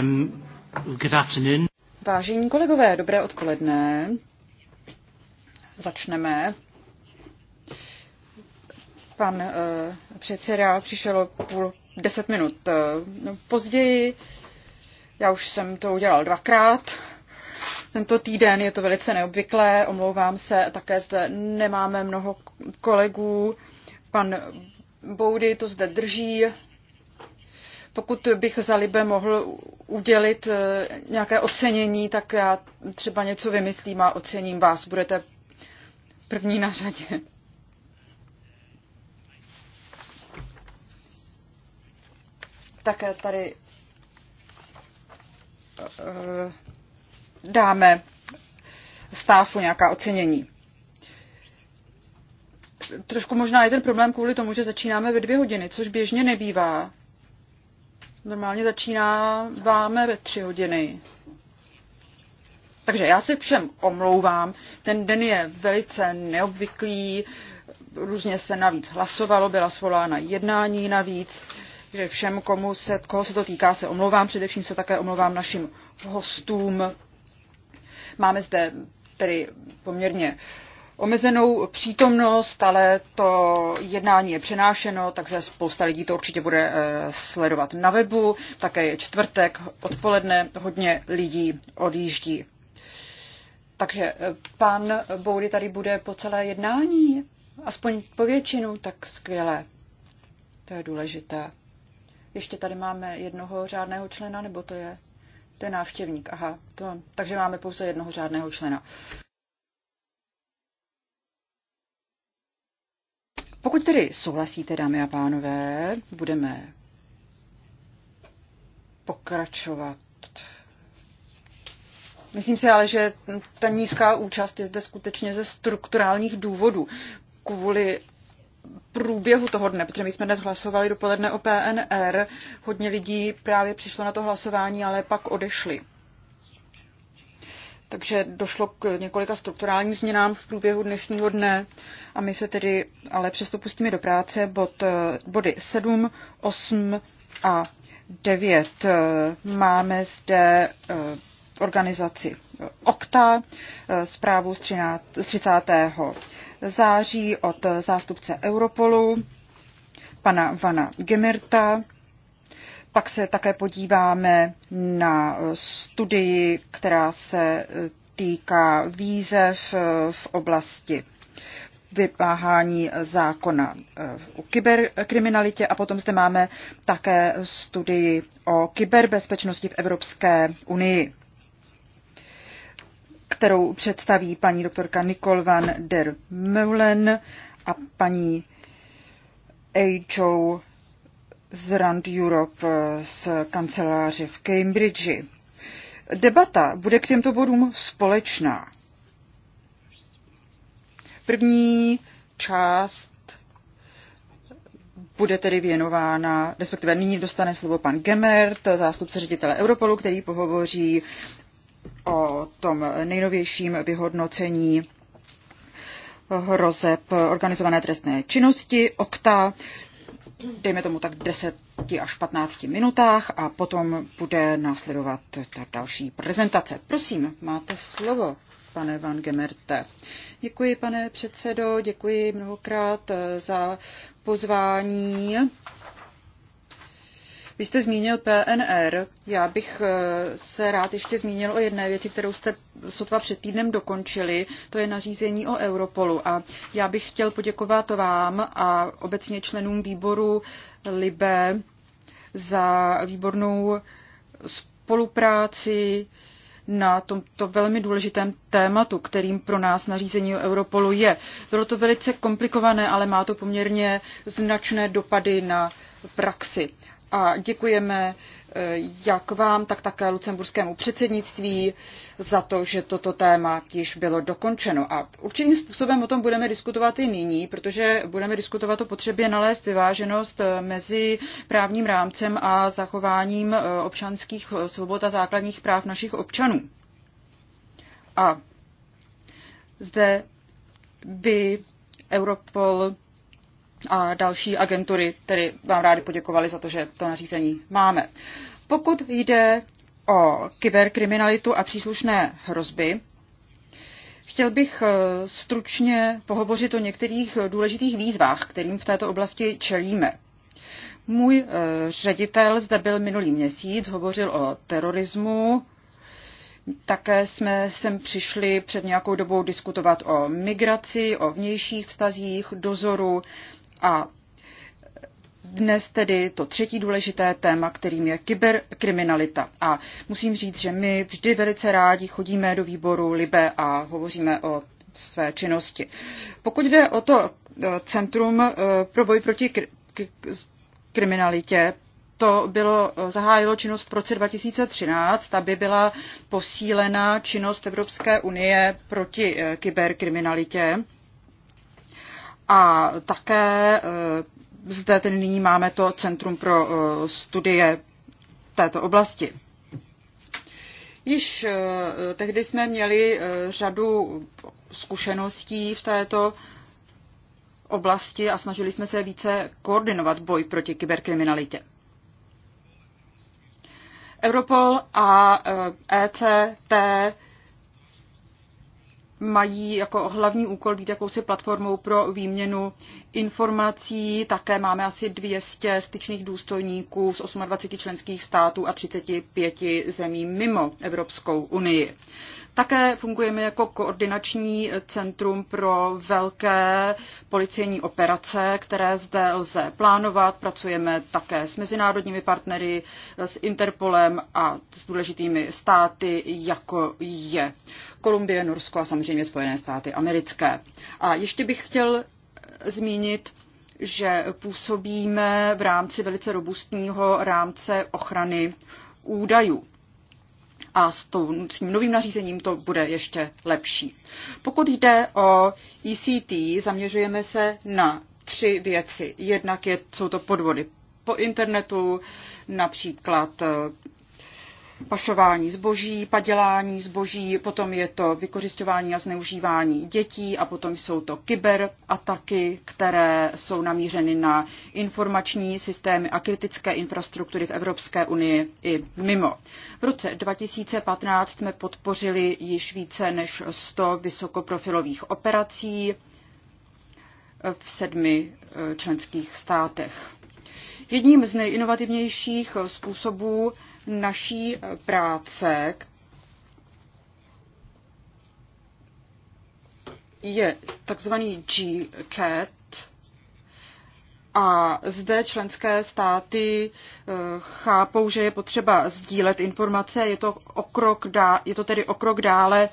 Um, Vážení kolegové, dobré odpoledne. Začneme. Pan uh, předseda přišel půl deset minut uh, později. Já už jsem to udělal dvakrát. Tento týden je to velice neobvyklé, omlouvám se, také zde nemáme mnoho kolegů. Pan Boudy to zde drží, pokud bych za Libe mohl udělit eh, nějaké ocenění, tak já třeba něco vymyslím a ocením vás. Budete první na řadě. Tak tady eh, dáme stáfu nějaká ocenění. Trošku možná je ten problém kvůli tomu, že začínáme ve dvě hodiny, což běžně nebývá. Normálně začínáváme ve tři hodiny. Takže já se všem omlouvám. Ten den je velice neobvyklý, různě se navíc hlasovalo, byla svolána jednání navíc, že všem, komu se, koho se to týká, se omlouvám. Především se také omlouvám našim hostům. Máme zde tedy poměrně uh, omezenou přítomnost, ale to jednání je přenášeno, takže spousta lidí to určitě bude eh, sledovat na webu. Také je čtvrtek odpoledne, hodně lidí odjíždí. Takže eh, pan Boury tady bude po celé jednání, aspoň po většinu, tak skvělé. To je důležité. Ještě tady máme jednoho řádného člena, nebo to je? To je návštěvník, aha. To, takže máme pouze jednoho řádného člena. Pokud tedy souhlasíte, dámy a pánové, budeme pokračovat. Myslím si ale, že ta nízká účast je zde skutečně ze strukturálních důvodů. Kvůli průběhu toho dne, protože my jsme dnes hlasovali dopoledne o PNR, hodně lidí právě přišlo na to hlasování, ale pak odešli. Takže došlo k několika strukturálním změnám v průběhu dnešního dne a my se tedy ale přesto pustíme do práce bod, eh, body 7, 8 a 9. Eh, máme zde eh, organizaci OKTA, zprávu z 30. září od zástupce Europolu, pana Vana Gemerta, pak se také podíváme na studii, která se týká výzev v oblasti vypáhání zákona o kyberkriminalitě a potom zde máme také studii o kyberbezpečnosti v Evropské unii, kterou představí paní doktorka Nicole van der Meulen a paní Ejčou z Rand Europe eh, z kanceláře v Cambridge. Debata bude k těmto bodům společná. První část bude tedy věnována, respektive nyní dostane slovo pan Gemert, zástupce ředitele Europolu, který pohovoří o tom nejnovějším vyhodnocení hrozeb organizované trestné činnosti, OKTA, dejme tomu tak 10 až 15 minutách a potom bude následovat ta další prezentace. Prosím, máte slovo, pane Van Gemerte. Děkuji, pane předsedo, děkuji mnohokrát eh, za pozvání vy jste zmínil PNR. Já bych eh, se rád ještě zmínil o jedné věci, kterou jste sotva před týdnem dokončili. To je nařízení o Europolu. A já bych chtěl poděkovat vám a obecně členům výboru Libe za výbornou spolupráci na tomto velmi důležitém tématu, kterým pro nás nařízení o Europolu je. Bylo to velice komplikované, ale má to poměrně značné dopady na praxi a děkujeme eh, jak vám, tak také lucemburskému předsednictví za to, že toto téma již bylo dokončeno. A určitým způsobem o tom budeme diskutovat i nyní, protože budeme diskutovat o potřebě nalézt vyváženost eh, mezi právním rámcem a zachováním eh, občanských svobod a základních práv našich občanů. A zde by Europol a další agentury tedy vám rádi poděkovali za to, že to nařízení máme. Pokud jde o kyberkriminalitu a příslušné hrozby, chtěl bych eh, stručně pohovořit o některých důležitých výzvách, kterým v této oblasti čelíme. Můj eh, ředitel zde byl minulý měsíc, hovořil o terorismu, také jsme sem přišli před nějakou dobou diskutovat o migraci, o vnějších vztazích, dozoru a dnes tedy to třetí důležité téma, kterým je kyberkriminalita. A musím říct, že my vždy velice rádi chodíme do výboru Libe a hovoříme o své činnosti. Pokud jde o to e, Centrum e, pro boj proti kriminalitě, to bylo, e, zahájilo činnost v roce 2013, aby byla posílena činnost Evropské unie proti kyberkriminalitě. A také eh, zde ten nyní máme to Centrum pro eh, studie této oblasti. Již eh, tehdy jsme měli řadu zkušeností v této oblasti a snažili jsme se více koordinovat boj proti kyberkriminalitě. Europol a ECT e mají jako hlavní úkol být jakousi platformou pro výměnu informací. Také máme asi 200 styčných důstojníků z 28 členských států a 35 zemí mimo Evropskou unii. Také fungujeme jako koordinační centrum pro velké policejní operace, které zde lze plánovat. Pracujeme také s mezinárodními partnery, s Interpolem a s důležitými státy, jako je Kolumbie, Norsko a samozřejmě Spojené státy americké. A ještě bych chtěl zmínit, že působíme v rámci velice robustního rámce ochrany údajů a s, tou, s tím novým nařízením to bude ještě lepší. Pokud jde o ECT, zaměřujeme se na tři věci. Jednak je, jsou to podvody po internetu, například pašování zboží, padělání zboží, potom je to vykořišťování a zneužívání dětí a potom jsou to kyberataky, které jsou namířeny na informační systémy a kritické infrastruktury v Evropské unii i mimo. V roce 2015 jsme podpořili již více než 100 vysokoprofilových operací v sedmi eh, členských státech. Jedním z nejinovativnějších eh, způsobů naší eh, práce je takzvaný GCAT a zde členské státy eh, chápou, že je potřeba sdílet informace, je to, o krok dá, je to tedy o krok dále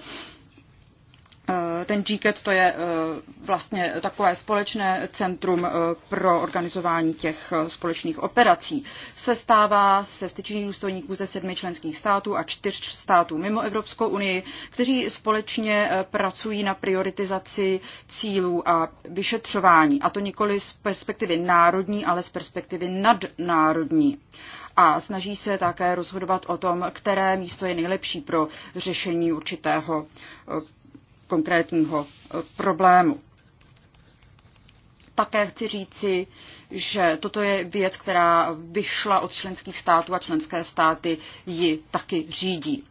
Eh, ten GCAT to je eh, vlastně takové společné centrum eh, pro organizování těch společných operací. Sestává se styčných důstojníků ze sedmi členských států a čtyř států mimo Evropskou unii, kteří společně pracují na prioritizaci cílů a vyšetřování. A to nikoli z perspektivy národní, ale z perspektivy nadnárodní a snaží se také rozhodovat o tom, které místo je nejlepší pro řešení určitého konkrétního eh, problému. Také chci říci, že toto je věc, která vyšla od členských států a členské státy ji taky řídí.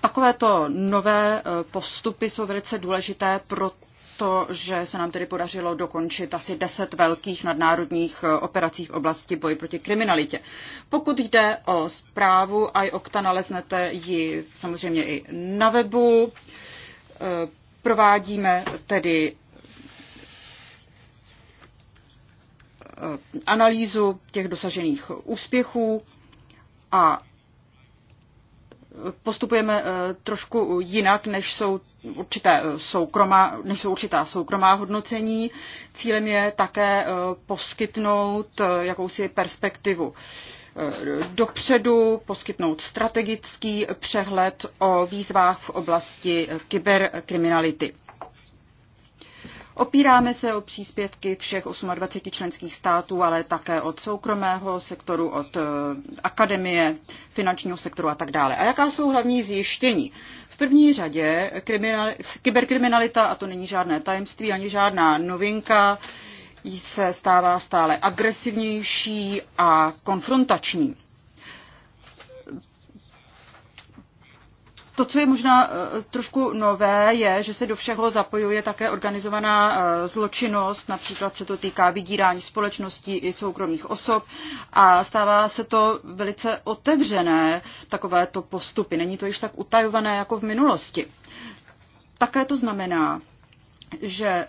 Takovéto nové eh, postupy jsou velice důležité pro to, že se nám tedy podařilo dokončit asi deset velkých nadnárodních eh, operací v oblasti boji proti kriminalitě. Pokud jde o zprávu okta naleznete ji samozřejmě i na webu. Eh, provádíme tedy eh, analýzu těch dosažených úspěchů a postupujeme eh, trošku jinak, než jsou, určité soukromá, než jsou určitá soukromá hodnocení. Cílem je také poskytnout jakousi perspektivu Eh, dopředu, poskytnout strategický přehled o výzvách v oblasti kyberkriminality. Opíráme se o příspěvky všech 28 členských států, ale také od soukromého sektoru, od eh, akademie, finančního sektoru a tak dále. A jaká jsou hlavní zjištění? V první řadě kyberkriminalita, a to není žádné tajemství ani žádná novinka, se stává stále agresivnější a konfrontační. To, co je možná eh, trošku nové, je, že se do všeho zapojuje také organizovaná eh, zločinnost, například se to týká vydírání společností i soukromých osob a stává se to velice otevřené, takovéto postupy. Není to již tak utajované jako v minulosti. Také to znamená, že e,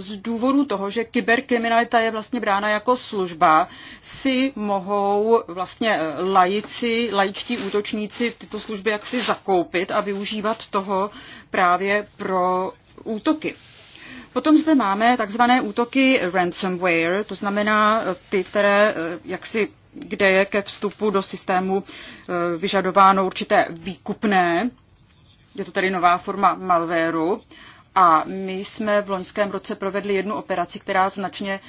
z důvodu toho, že kyberkriminalita je vlastně brána jako služba, si mohou vlastně e, lajici, lajičtí útočníci tyto služby jaksi zakoupit a využívat toho právě pro útoky. Potom zde máme takzvané útoky ransomware, to znamená e, ty, které jaksi kde je ke vstupu do systému vyžadováno určité výkupné, je to tedy nová forma malvéru. A my jsme v loňském roce provedli jednu operaci, která značně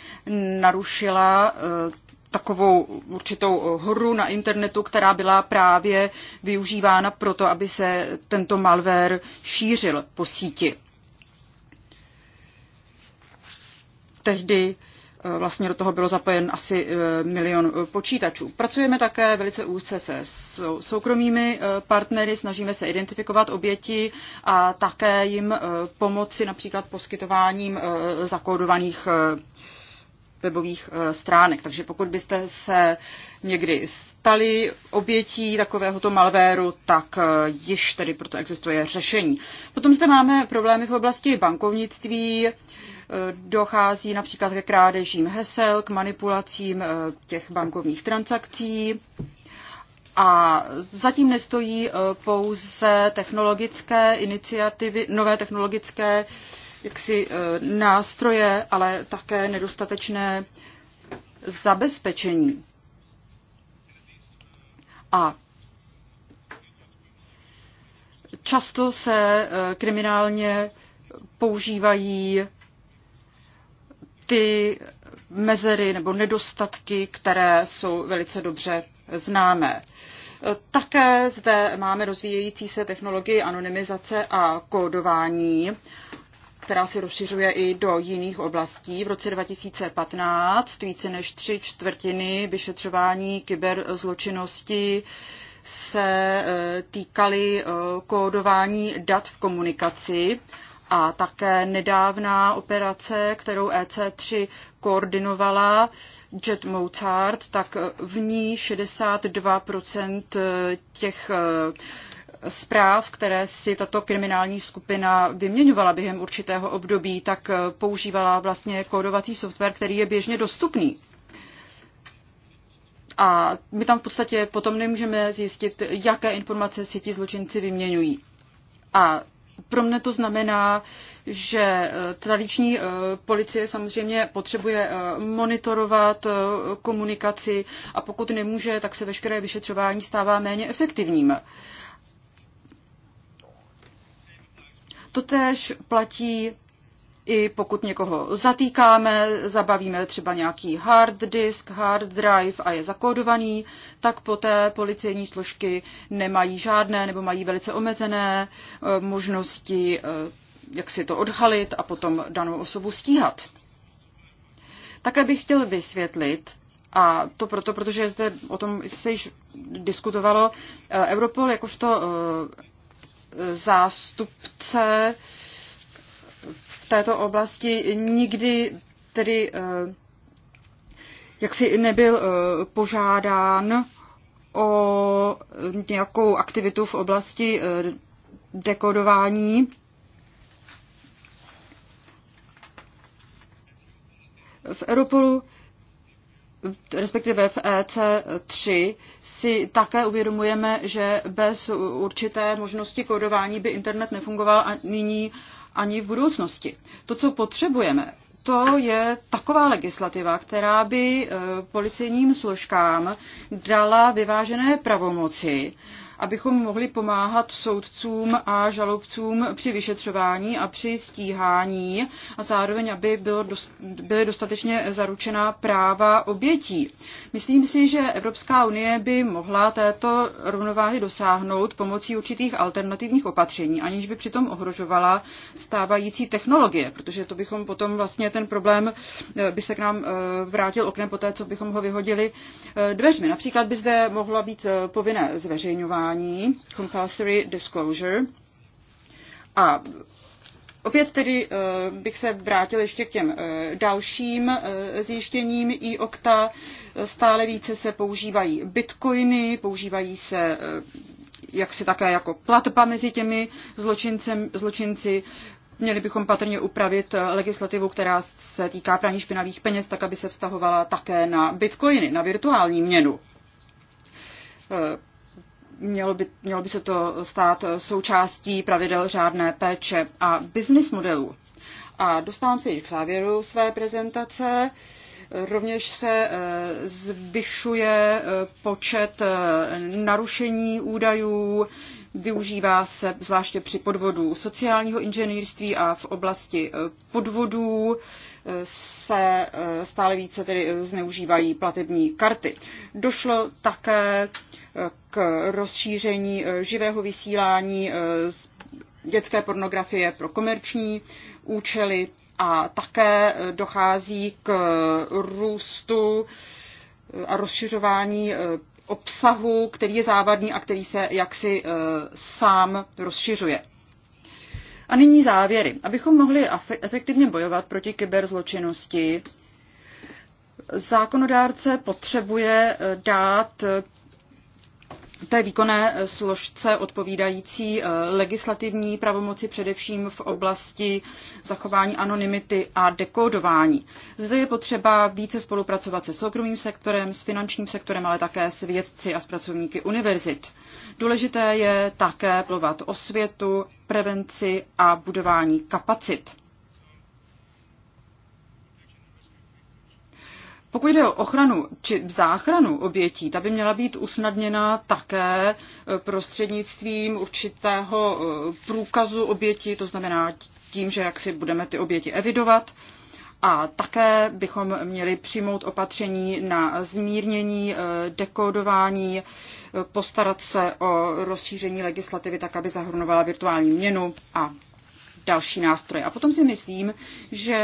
narušila eh, takovou určitou horu na internetu, která byla právě využívána proto, aby se tento malware šířil po síti. Tehdy vlastně do toho bylo zapojen asi eh, milion eh, počítačů. Pracujeme také velice úzce se soukromými eh, partnery, snažíme se identifikovat oběti a také jim pomoci například poskytováním zakódovaných webových eh, stránek. Takže pokud byste se někdy stali obětí takovéhoto malvéru, tak eh, již tedy proto existuje řešení. Potom zde máme problémy v oblasti bankovnictví, eh, dochází například ke krádežím hesel, k manipulacím těch bankovních transakcí. A zatím nestojí pouze technologické iniciativy, nové technologické jaksi eh, nástroje, ale také nedostatečné zabezpečení. A často se eh, kriminálně používají ty mezery nebo nedostatky, které jsou velice dobře známé. Eh, také zde máme rozvíjející se technologii anonymizace a kódování která se rozšiřuje i do jiných oblastí. V roce 2015 více než tři čtvrtiny vyšetřování kyberzločinnosti se eh, týkaly eh, kódování dat v komunikaci a také nedávná operace, kterou EC3 koordinovala Jet Mozart, tak v ní 62% eh, těch zpráv, které si tato kriminální skupina vyměňovala během určitého období, tak eh, používala vlastně kódovací software, který je běžně dostupný. A my tam v podstatě potom nemůžeme zjistit, jaké informace si ti zločinci vyměňují. A pro mne to znamená, že eh, tradiční eh, policie samozřejmě potřebuje monitorovat komunikaci a pokud nemůže, tak se veškeré vyšetřování stává méně efektivním. Totéž platí i pokud někoho zatýkáme, zabavíme třeba nějaký hard disk, hard drive a je zakódovaný, tak poté policejní složky nemají žádné nebo mají velice omezené eh, možnosti, eh, jak si to odhalit a potom danou osobu stíhat. Také bych chtěl vysvětlit, a to proto, protože zde o tom se již diskutovalo, eh, Europol jakožto zástupce v této oblasti nikdy tedy eh, jaksi nebyl eh, požádán o nějakou aktivitu v oblasti eh, dekodování. V Europolu respektive v EC3, si také uvědomujeme, že bez určité možnosti kódování by internet nefungoval a nyní ani v budoucnosti. To, co potřebujeme, to je taková legislativa, která by eh, policejním složkám dala vyvážené pravomoci abychom mohli pomáhat soudcům a žalobcům při vyšetřování a při stíhání a zároveň, aby bylo dost, byly dostatečně zaručena práva obětí. Myslím si, že Evropská unie by mohla této rovnováhy dosáhnout pomocí určitých alternativních opatření, aniž by přitom ohrožovala stávající technologie, protože to bychom potom vlastně ten problém eh, by se k nám eh, vrátil oknem po té, co bychom ho vyhodili eh, dveřmi. Například by zde mohlo být povinné zveřejňování jednání, compulsory disclosure. A opět tedy eh, bych se vrátil ještě k těm eh, dalším eh, zjištěním i okta. Stále více se používají bitcoiny, používají se jak si také jako platba mezi těmi zločincem, zločinci. Měli bychom patrně upravit legislativu, která se týká praní špinavých peněz, tak aby se vztahovala také na bitcoiny, na virtuální měnu mělo by, mělo by se to stát součástí pravidel řádné péče a business modelů. A dostávám se již k závěru své prezentace. Rovněž se eh, zvyšuje eh, počet eh, narušení údajů, využívá se zvláště při podvodu sociálního inženýrství a v oblasti podvodů se stále více tedy zneužívají platební karty. Došlo také k rozšíření eh, živého vysílání eh, dětské pornografie pro komerční účely a také eh, dochází k růstu a rozšiřování obsahu, který je závadný a který se jaksi sám rozšiřuje. A nyní závěry. Abychom mohli efektivně bojovat proti kyberzločinnosti, zákonodárce potřebuje dát té výkonné složce odpovídající eh, legislativní pravomoci především v oblasti zachování anonymity a dekodování. Zde je potřeba více spolupracovat se soukromým sektorem, s finančním sektorem, ale také s vědci a s pracovníky univerzit. Důležité je také plovat osvětu, prevenci a budování kapacit. Pokud jde o ochranu či záchranu obětí, ta by měla být usnadněna také eh, prostřednictvím určitého eh, průkazu obětí, to znamená tím, že jak si budeme ty oběti evidovat. A také bychom měli přijmout opatření na zmírnění eh, dekodování, postarat se o rozšíření legislativy tak, aby zahrnovala virtuální měnu a další nástroje. A potom si myslím, že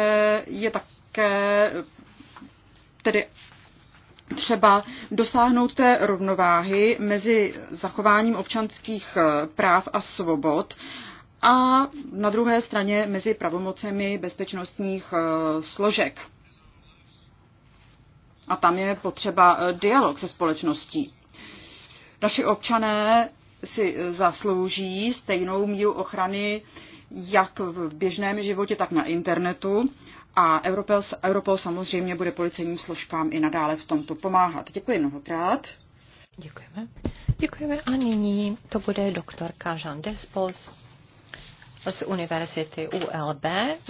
je také tedy třeba dosáhnout té rovnováhy mezi zachováním občanských eh, práv a svobod a na druhé straně mezi pravomocemi bezpečnostních eh, složek. A tam je potřeba eh, dialog se společností. Naši občané si zaslouží stejnou míru ochrany jak v běžném životě, tak na internetu a Europol, Europol samozřejmě bude policejním složkám i nadále v tomto pomáhat. Děkuji mnohokrát. Děkujeme. Děkujeme a nyní to bude doktorka Jean Despos z Univerzity ULB,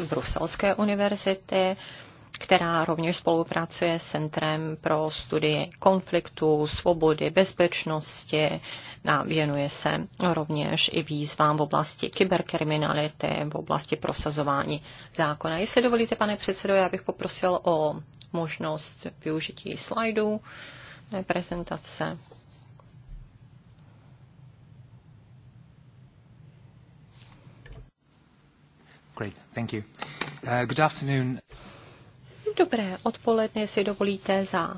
Bruselské univerzity která rovněž spolupracuje s Centrem pro studie konfliktu, svobody, bezpečnosti a věnuje se rovněž i výzvám v oblasti kyberkriminality, v oblasti prosazování zákona. Jestli dovolíte, pane předsedo, já bych poprosil o možnost využití slajdů prezentace. Great, thank you. Uh, good afternoon. Dobré odpoledne, si dovolíte za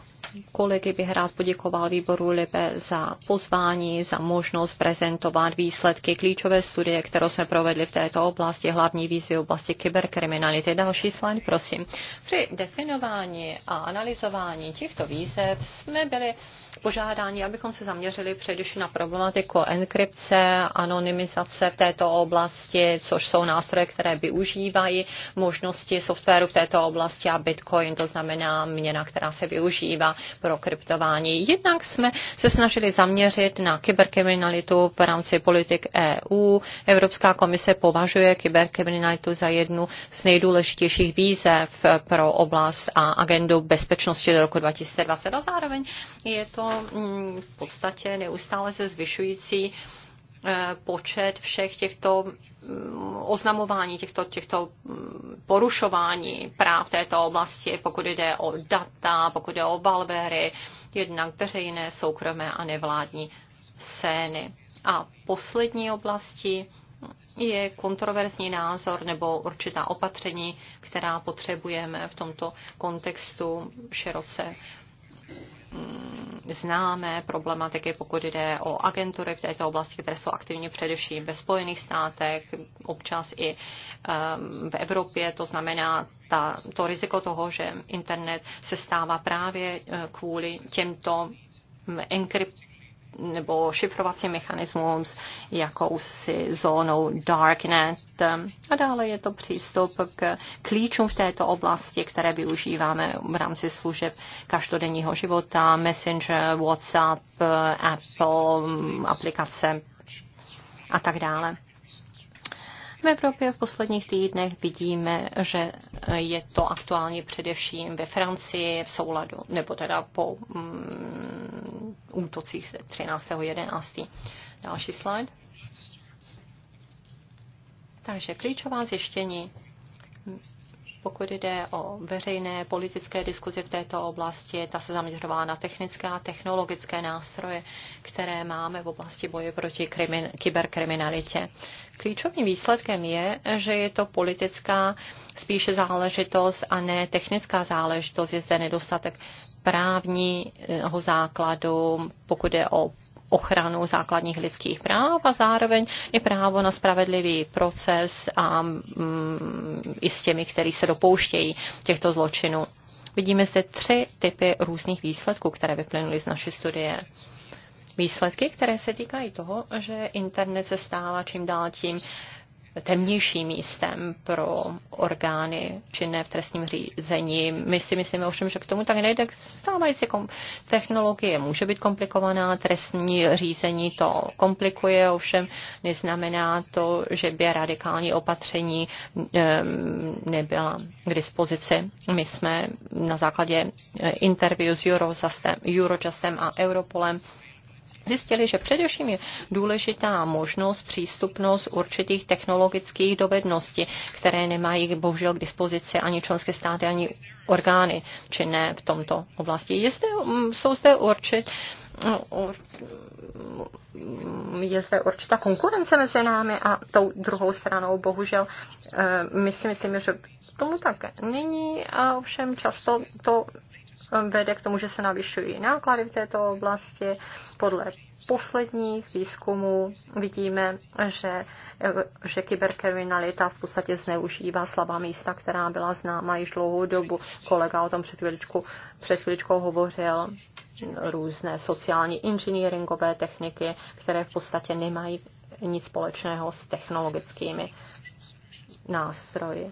kolegy bych rád poděkoval výboru Libe za pozvání, za možnost prezentovat výsledky klíčové studie, kterou jsme provedli v této oblasti, hlavní výzvy v oblasti kyberkriminality. Další slide, prosím. Při definování a analyzování těchto výzev jsme byli požádání, abychom se zaměřili především na problematiku enkrypce, anonymizace v této oblasti, což jsou nástroje, které využívají možnosti softwaru v této oblasti a Bitcoin, to znamená měna, která se využívá pro kryptování. Jednak jsme se snažili zaměřit na kyberkriminalitu v rámci politik EU. Evropská komise považuje kyberkriminalitu za jednu z nejdůležitějších výzev pro oblast a agendu bezpečnosti do roku 2020 a zároveň je to to mm, v podstatě neustále se zvyšující eh, počet všech těchto mm, oznamování, těchto, těchto mm, porušování práv této oblasti, pokud jde o data, pokud jde o balvery, jednak veřejné, soukromé a nevládní scény. A poslední oblasti je kontroverzní názor nebo určitá opatření, která potřebujeme v tomto kontextu široce Mm, známé problematiky, pokud jde o agentury v této oblasti, které jsou aktivní především ve Spojených státech, občas i ehm, v Evropě. To znamená, ta, to riziko toho, že internet se stává právě eh, kvůli těmto mm, enkryptům nebo šifrovacím mechanismům s jakousi zónou darknet. A dále je to přístup k klíčům v této oblasti, které využíváme v rámci služeb každodenního života, Messenger, WhatsApp, Apple, aplikace a tak dále. V Evropě v posledních týdnech vidíme, že je to aktuálně především ve Francii v souladu, nebo teda po mm, útocích ze 13.11. Další slide. Takže klíčová zjištění pokud jde o veřejné politické diskuzi v této oblasti, ta se zaměřovala na technické a technologické nástroje, které máme v oblasti boje proti krimin- kyberkriminalitě. Klíčovým výsledkem je, že je to politická spíše záležitost a ne technická záležitost. Je zde nedostatek právního základu, pokud je o ochranu základních lidských práv a zároveň i právo na spravedlivý proces a mm, i s těmi, kteří se dopouštějí těchto zločinů. Vidíme zde tři typy různých výsledků, které vyplynuly z naší studie. Výsledky, které se týkají toho, že internet se stává čím dál tím temnějším místem pro orgány činné v trestním řízení. My si myslíme ovšem, že k tomu tak nejde. Stávající technologie může být komplikovaná, trestní řízení to komplikuje, ovšem neznamená to, že by radikální opatření nebyla k dispozici. My jsme na základě interview s Eurojustem a Europolem zjistili, že především je důležitá možnost, přístupnost určitých technologických dovedností, které nemají bohužel k dispozici ani členské státy, ani orgány činné v tomto oblasti. Je zde, mm, jsou zde určit, mm, je zde určitá konkurence mezi námi a tou druhou stranou, bohužel, eh, my si myslíme, že tomu tak není a ovšem často to vede k tomu, že se navyšují náklady v této oblasti. Podle posledních výzkumů vidíme, že, že kyberkriminalita v podstatě zneužívá slabá místa, která byla známa již dlouhou dobu. Kolega o tom před chvíličkou, před chvíličkou hovořil různé sociální inženýringové techniky, které v podstatě nemají nic společného s technologickými nástroji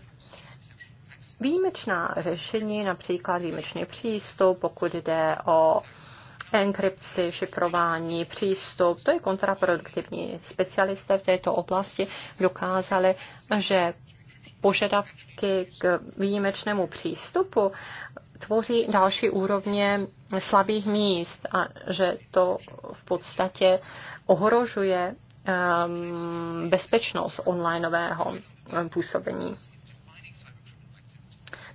výjimečná řešení, například výjimečný přístup, pokud jde o enkrypci, šifrování, přístup, to je kontraproduktivní. Specialisté v této oblasti dokázali, že požadavky k výjimečnému přístupu tvoří další úrovně slabých míst a že to v podstatě ohrožuje ehm, bezpečnost onlineového působení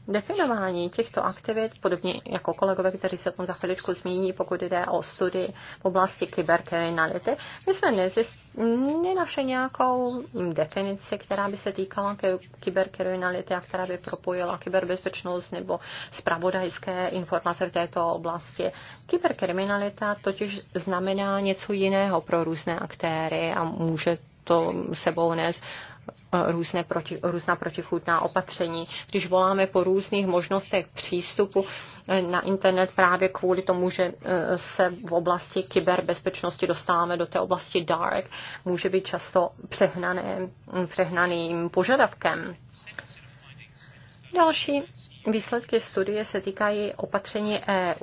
definování těchto aktivit, podobně jako kolegové, kteří se tom za chviličku zmíní, pokud jde o studii v oblasti kyberkriminality, my jsme nenašli nějakou definici, která by se týkala kyberkriminality a která by propojila kyberbezpečnost nebo spravodajské informace v této oblasti. Kyberkriminalita totiž znamená něco jiného pro různé aktéry a může to sebou nést Eh, různé proti, různá protichůdná opatření. Když voláme po různých možnostech přístupu eh, na internet právě kvůli tomu, že eh, se v oblasti kyberbezpečnosti dostáváme do té oblasti dark, může být často přehnaný mm, přehnaným požadavkem. Další Výsledky studie se týkají opatření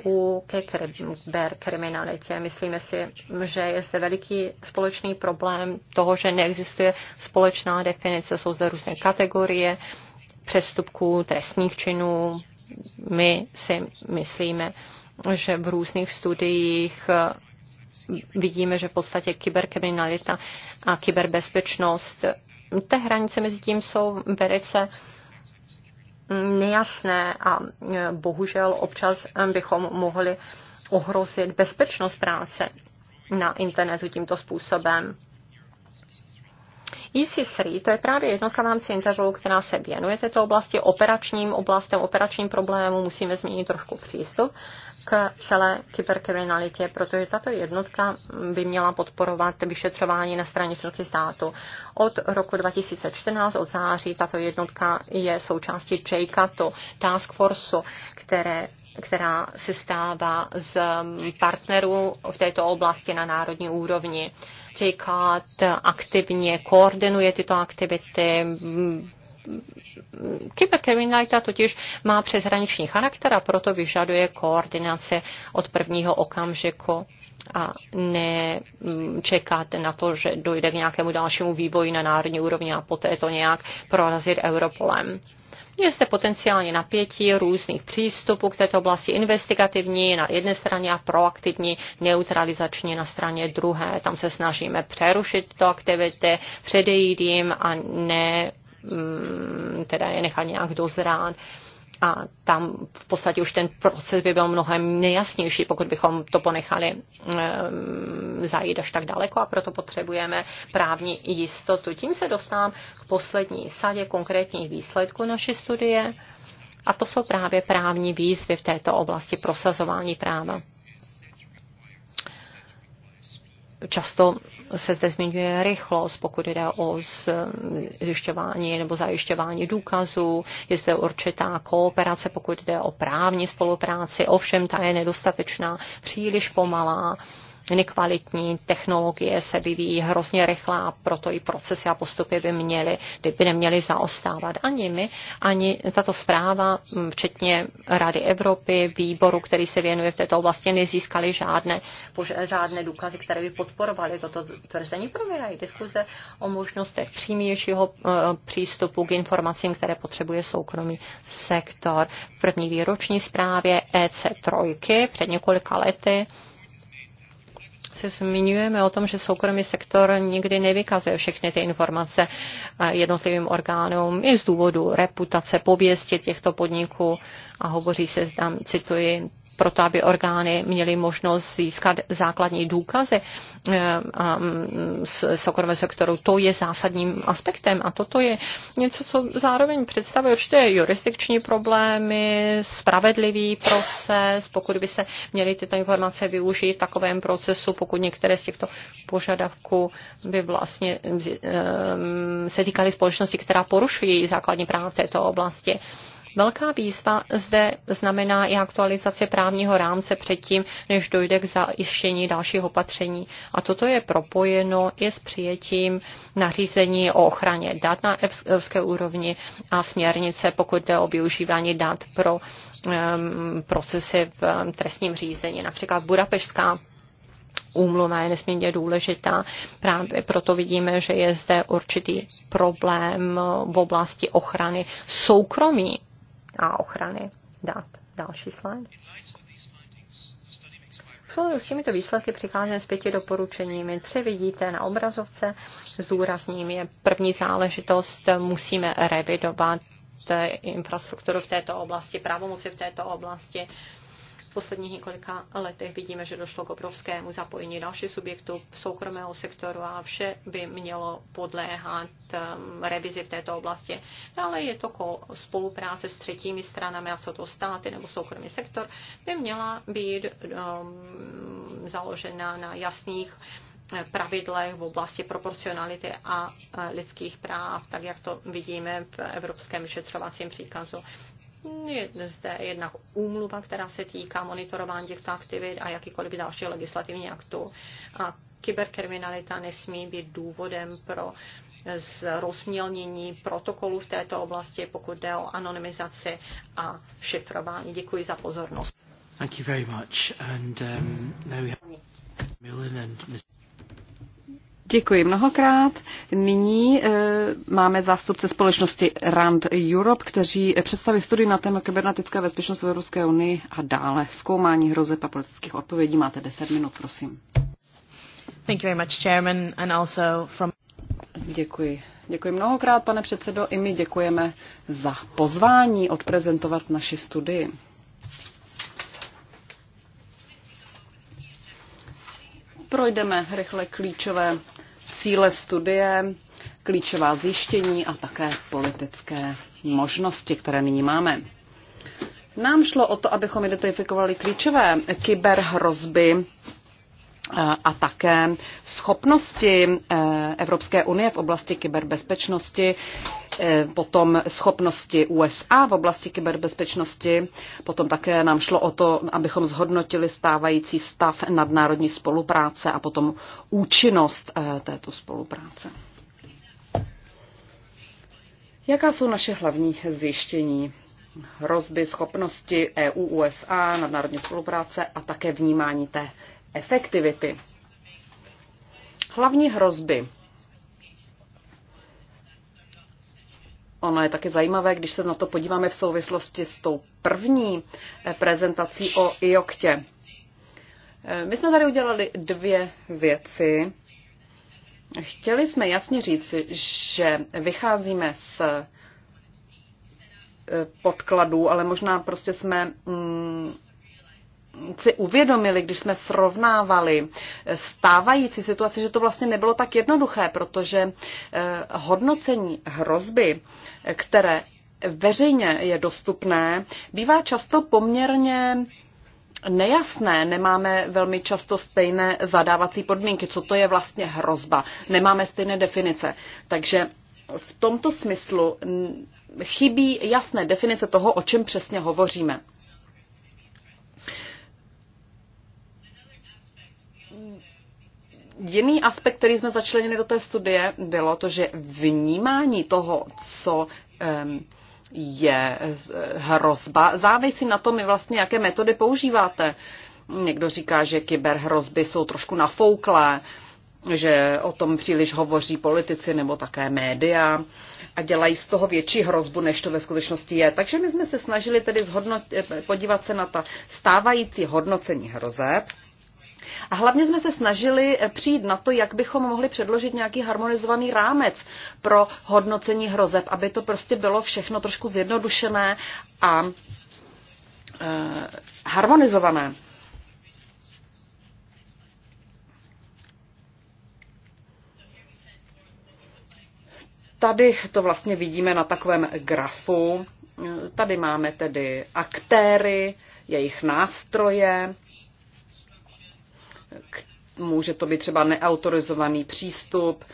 EU ke kriminalitě. Myslíme si, že je zde veliký společný problém toho, že neexistuje společná definice, jsou zde různé kategorie přestupků, trestních činů. My si myslíme, že v různých studiích eh, vidíme, že v podstatě kyberkriminalita a kyberbezpečnost, eh, Ty hranice mezi tím jsou velice nejasné a e, bohužel občas e, bychom mohli ohrozit bezpečnost práce na internetu tímto způsobem. EC3 to je právě jednotka v rámci Interrolu, která se věnuje této oblasti, operačním oblastem, operačním problému musíme změnit trošku přístup k celé kyberkriminalitě, protože tato jednotka by měla podporovat vyšetřování na straně členských států. Od roku 2014, od září, tato jednotka je součástí JCATu, Task Force, které která se stává z partnerů v této oblasti na národní úrovni. JCAT aktivně koordinuje tyto aktivity, Kyberkriminalita totiž má přeshraniční charakter a proto vyžaduje koordinace od prvního okamžiku a nečekat mm, na to, že dojde k nějakému dalšímu vývoji na národní úrovni a poté to nějak prorazit Europolem. Je zde potenciálně napětí různých přístupů k této oblasti, investigativní na jedné straně a proaktivní, neutralizační na straně druhé. Tam se snažíme přerušit to aktivity, předejít jim a ne Mm, teda je nechat nějak dozrát a tam v podstatě už ten proces by byl mnohem nejasnější, pokud bychom to ponechali um, zajít až tak daleko a proto potřebujeme právní jistotu. Tím se dostávám k poslední sadě konkrétních výsledků naší studie a to jsou právě právní výzvy v této oblasti prosazování práva. často se zde zmiňuje rychlost, pokud jde o zjišťování nebo zajišťování důkazů, je zde určitá kooperace, pokud jde o právní spolupráci, ovšem ta je nedostatečná, příliš pomalá nekvalitní, technologie se vyvíjí hrozně rychle a proto i procesy a postupy by, měly, by neměly zaostávat. Ani my, ani tato zpráva, včetně Rady Evropy, výboru, který se věnuje v této oblasti, nezískali žádné, žádné důkazy, které by podporovaly toto tvrzení. Probíhají diskuze o možnostech přímějšího e, přístupu k informacím, které potřebuje soukromý sektor. V první výroční zprávě EC3 před několika lety se zmiňujeme o tom, že soukromý sektor nikdy nevykazuje všechny ty informace jednotlivým orgánům i z důvodu reputace, pověstě těchto podniků a hovoří se tam, cituji, proto aby orgány měly možnost získat základní důkazy eh, mm, z soukromého sektoru. To je zásadním aspektem a toto je něco, co zároveň představuje určité jurisdikční problémy, spravedlivý proces, pokud by se měly tyto informace využít v takovém procesu, pokud některé z těchto požadavků by vlastně eh, mm, se týkaly společnosti, která porušují základní práv v této oblasti. Velká výzva zde znamená i aktualizaci právního rámce předtím, než dojde k zajištění dalších opatření. A toto je propojeno i s přijetím nařízení o ochraně dat na evropské úrovni a směrnice, pokud jde o využívání dat pro um, procesy v trestním řízení. Například Budapešská úmluva je nesmírně důležitá. Právě proto vidíme, že je zde určitý problém v oblasti ochrany soukromí a ochrany dat. Další slide. Souladu s těmito výsledky přicházím s pěti doporučeními. Tři vidíte na obrazovce, Zúrazním je první záležitost, musíme revidovat eh, infrastrukturu v této oblasti, pravomoci v této oblasti, v posledních několika letech vidíme, že došlo k obrovskému zapojení dalších subjektů v soukromého sektoru a vše by mělo podléhat um, revizi v této oblasti. No, ale je to spolupráce s třetími stranami, a co to státy nebo soukromý sektor, by měla být um, založena na jasných eh, pravidlech v oblasti proporcionality a eh, lidských práv, tak jak to vidíme v Evropském vyšetřovacím příkazu je zde jednak úmluva, která se týká monitorování těchto aktivit a jakýkoliv další legislativní aktu, A kyberkriminalita nesmí být důvodem pro z rozmělnění protokolu v této oblasti, pokud jde o anonymizaci a šifrování. Děkuji za pozornost. Thank you very much. And, um, now we have and Děkuji mnohokrát. Nyní e, máme zástupce společnosti Rand Europe, kteří představí studii na téma kybernetické bezpečnost v Evropské unii a dále zkoumání hrozeb a politických odpovědí. Máte 10 minut, prosím. Thank you very much, Chairman, and also from... Děkuji. Děkuji mnohokrát, pane předsedo. I my děkujeme za pozvání odprezentovat naši studii. Projdeme rychle klíčové cíle studie, klíčová zjištění a také politické možnosti, které nyní máme. Nám šlo o to, abychom identifikovali klíčové kyberhrozby eh, a také schopnosti eh, Evropské unie v oblasti kyberbezpečnosti, Eh, potom schopnosti USA v oblasti kyberbezpečnosti. Potom také nám šlo o to, abychom zhodnotili stávající stav nadnárodní spolupráce a potom účinnost eh, této spolupráce. Jaká jsou naše hlavní zjištění? Hrozby, schopnosti EU, USA, nadnárodní spolupráce a také vnímání té efektivity. Hlavní hrozby Ono je taky zajímavé, když se na to podíváme v souvislosti s tou první eh, prezentací o Ioktě. Eh, my jsme tady udělali dvě věci. Chtěli jsme jasně říci, že vycházíme z eh, podkladů, ale možná prostě jsme mm, si uvědomili, když jsme srovnávali stávající situaci, že to vlastně nebylo tak jednoduché, protože eh, hodnocení hrozby, které veřejně je dostupné, bývá často poměrně nejasné, nemáme velmi často stejné zadávací podmínky, co to je vlastně hrozba, nemáme stejné definice. Takže v tomto smyslu chybí jasné definice toho, o čem přesně hovoříme. jiný aspekt, který jsme začlenili do té studie, bylo to, že vnímání toho, co je eh, hrozba, závisí na tom, vlastně, jaké metody používáte. Někdo říká, že kyberhrozby jsou trošku nafouklé, že o tom příliš hovoří politici nebo také média a dělají z toho větší hrozbu, než to ve skutečnosti je. Takže my jsme se snažili tedy zhodnot, eh, podívat se na ta stávající hodnocení hrozeb a hlavně jsme se snažili eh, přijít na to, jak bychom mohli předložit nějaký harmonizovaný rámec pro hodnocení hrozeb, aby to prostě bylo všechno trošku zjednodušené a e, harmonizované. Tady to vlastně vidíme na takovém grafu. Tady máme tedy aktéry, jejich nástroje, může to být třeba neautorizovaný přístup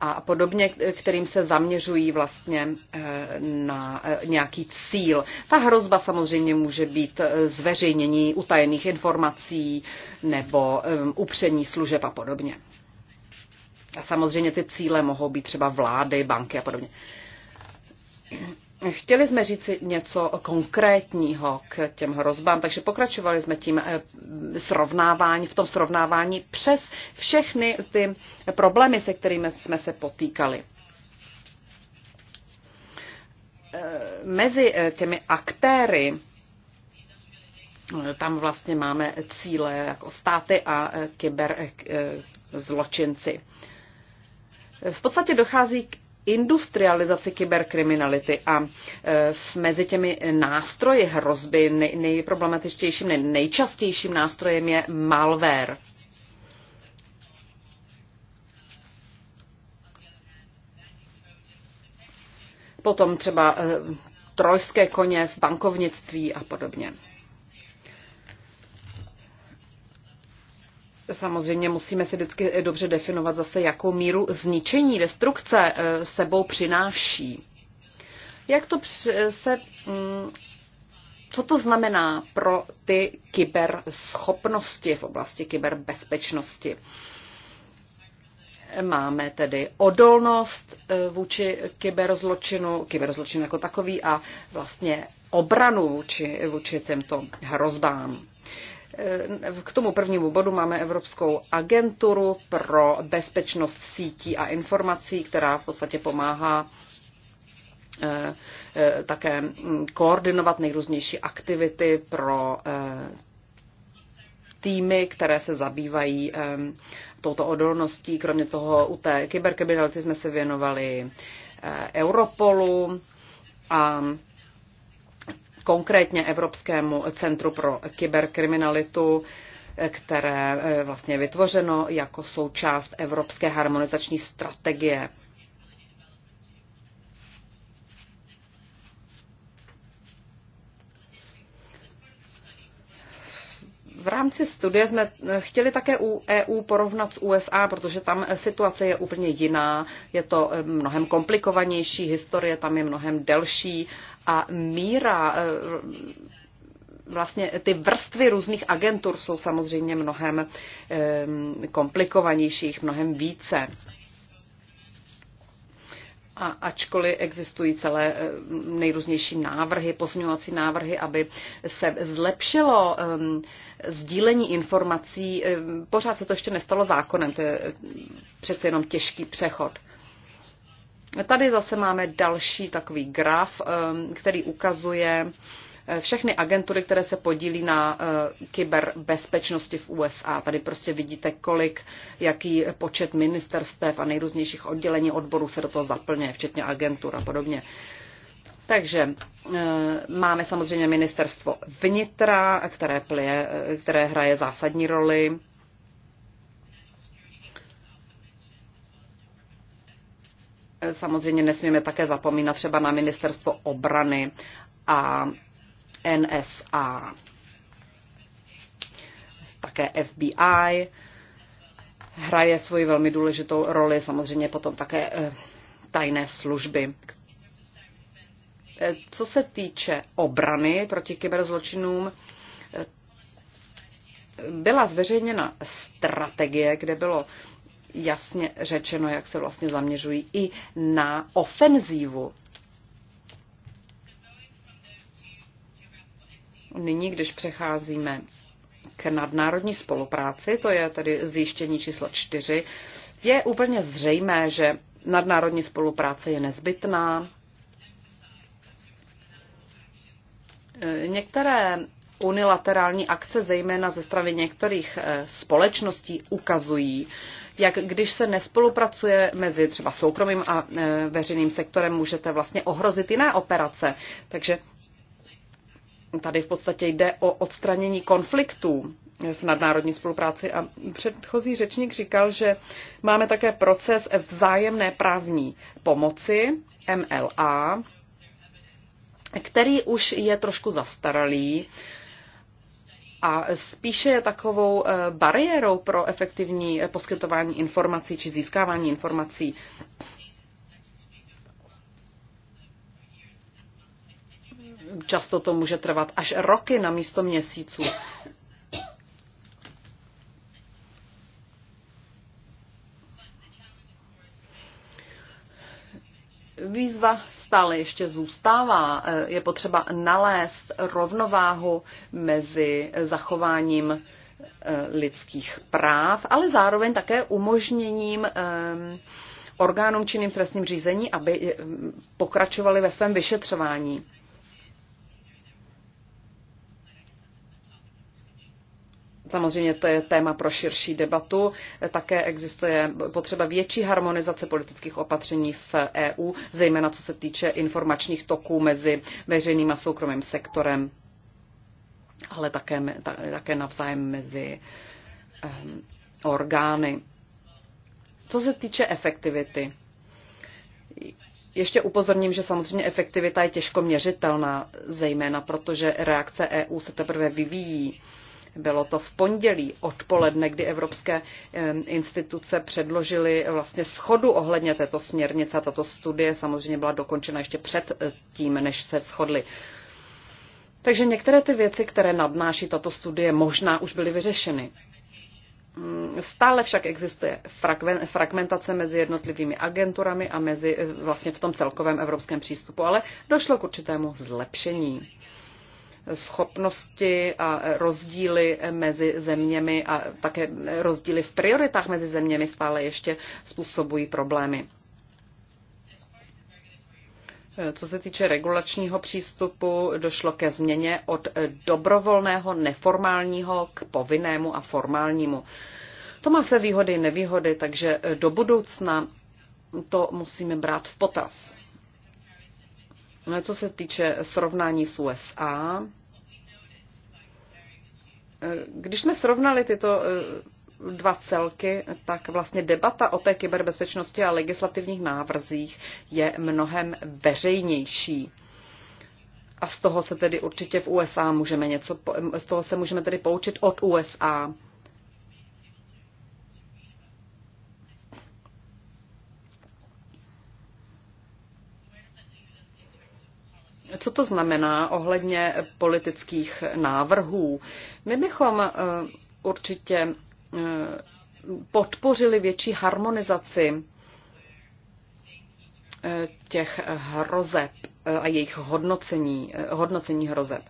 a podobně, kterým se zaměřují vlastně eh, na eh, nějaký cíl. Ta hrozba samozřejmě může být eh, zveřejnění utajených informací nebo upření služeb a podobně. A samozřejmě ty cíle mohou být třeba vlády, banky a podobně. Chtěli jsme říci něco konkrétního k těm hrozbám, takže pokračovali jsme tím eh, srovnávání, v tom srovnávání přes všechny ty problémy, se kterými jsme se potýkali. Eh, mezi eh, těmi aktéry tam vlastně máme cíle jako státy a kyberzločinci. zločinci. V podstatě dochází k industrializaci kyberkriminality a e, mezi těmi nástroji hrozby nej, nejproblematičtějším, nej, nejčastějším nástrojem je malware. Potom třeba e, trojské koně v bankovnictví a podobně. Samozřejmě musíme si vždycky dobře definovat zase, jakou míru zničení, destrukce eh, sebou přináší. Jak to se, mm, co to znamená pro ty kyberschopnosti v oblasti kyberbezpečnosti? Máme tedy odolnost eh, vůči kyberzločinu, kyberzločin jako takový a vlastně obranu vůči, vůči těmto hrozbám. Eh, k tomu prvnímu bodu máme Evropskou agenturu pro bezpečnost sítí a informací, která v podstatě pomáhá eh, eh, také mm, koordinovat nejrůznější aktivity pro týmy, které se zabývají touto odolností. Kromě toho u té kyberkriminality jsme se věnovali Europolu a konkrétně Evropskému centru pro kyberkriminalitu, které eh, vlastně je vytvořeno jako součást Evropské harmonizační strategie. v rámci studie jsme eh, chtěli také u EU porovnat s USA, protože tam eh, situace je úplně jiná, je to mnohem komplikovanější, historie tam je mnohem delší a míra eh, vlastně ty vrstvy různých agentur jsou samozřejmě mnohem eh, komplikovanějších, mnohem více. A ačkoliv existují celé eh, nejrůznější návrhy, pozměňovací návrhy, aby se zlepšilo um, sdílení informací, um, pořád se to ještě nestalo zákonem, to je přece jenom těžký přechod. Tady zase máme další takový graf, eh, který ukazuje eh, všechny agentury, které se podílí na eh, kyberbezpečnosti v USA. Tady prostě vidíte, kolik, jaký počet ministerstev a nejrůznějších oddělení odborů se do toho zaplňuje, včetně agentur a podobně. Takže máme samozřejmě ministerstvo vnitra, které, plie, které hraje zásadní roli. Samozřejmě nesmíme také zapomínat třeba na ministerstvo obrany a NSA, také FBI hraje svoji velmi důležitou roli, samozřejmě potom také eh, tajné služby. Eh, co se týče obrany proti kyberzločinům, eh, byla zveřejněna strategie, kde bylo jasně řečeno, jak se vlastně zaměřují i na ofenzívu. Nyní, když přecházíme k nadnárodní spolupráci, to je tedy zjištění číslo čtyři, je úplně zřejmé, že nadnárodní spolupráce je nezbytná. E, některé unilaterální akce, zejména ze strany některých e, společností, ukazují, jak když se nespolupracuje mezi třeba soukromým a e, veřejným sektorem, můžete vlastně ohrozit jiné operace. Takže tady v podstatě jde o odstranění konfliktů v nadnárodní spolupráci a předchozí řečník říkal, že máme také proces vzájemné právní pomoci, MLA, který už je trošku zastaralý. Uh, a spíše je takovou eh, bariérou pro efektivní eh, poskytování informací či získávání informací. Často to může trvat až roky na místo měsíců. Výzva stále ještě zůstává. Eh, je potřeba nalézt rovnováhu mezi zachováním eh, lidských práv, ale zároveň také umožněním eh, orgánům činným v trestním řízení, aby pokračovali ve svém vyšetřování. Samozřejmě to je téma pro širší debatu. Také existuje potřeba větší harmonizace politických opatření v EU, zejména co se týče informačních toků mezi veřejným a soukromým sektorem, ale také, také navzájem mezi um, orgány. Co se týče efektivity, ještě upozorním, že samozřejmě efektivita je těžko měřitelná, zejména protože reakce EU se teprve vyvíjí. Bylo to v pondělí odpoledne, kdy evropské instituce předložily vlastně schodu ohledně této směrnice. Tato studie samozřejmě byla dokončena ještě před eh, tím, než se shodly. Takže některé ty věci, které nadnáší tato studie, možná už byly vyřešeny. Mm, stále však existuje fragmentace mezi jednotlivými agenturami a mezi eh, vlastně v tom celkovém evropském přístupu, ale došlo k určitému zlepšení schopnosti a rozdíly mezi zeměmi a také rozdíly v prioritách mezi zeměmi stále ještě způsobují problémy. Co se týče regulačního přístupu, došlo ke změně od dobrovolného, neformálního k povinnému a formálnímu. To má se výhody i nevýhody, takže do budoucna to musíme brát v potaz. No, co se týče srovnání s USA, eh, když jsme srovnali tyto eh, dva celky, tak vlastně debata o té kyberbezpečnosti a legislativních návrzích je mnohem veřejnější. A z toho se tedy určitě v USA můžeme něco, z toho se můžeme tedy poučit od USA. co to znamená ohledně politických návrhů. My bychom eh, určitě eh, podpořili větší harmonizaci eh, těch hrozeb a jejich hodnocení, hodnocení hrozeb.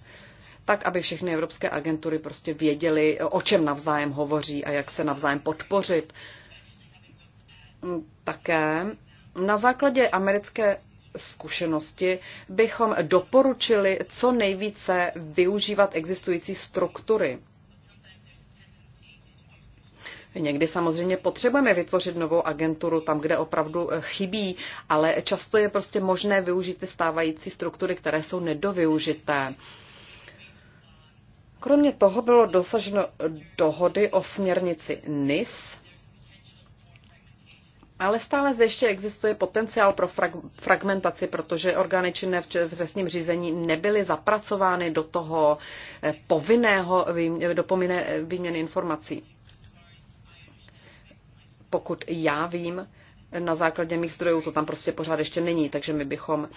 Tak, aby všechny evropské agentury prostě věděly, o čem navzájem hovoří a jak se navzájem podpořit. Také na základě americké zkušenosti bychom doporučili co nejvíce využívat existující struktury. Někdy samozřejmě potřebujeme vytvořit novou agenturu tam, kde opravdu eh, chybí, ale často je prostě možné využít ty stávající struktury, které jsou nedovyužité. Kromě toho bylo dosaženo dohody o směrnici NIS, ale stále zde ještě existuje potenciál pro fragmentaci, protože orgány činné v trestním řízení nebyly zapracovány do toho eh, povinného do výměny informací. Pokud já vím, na základě mých zdrojů to tam prostě pořád ještě není, takže my bychom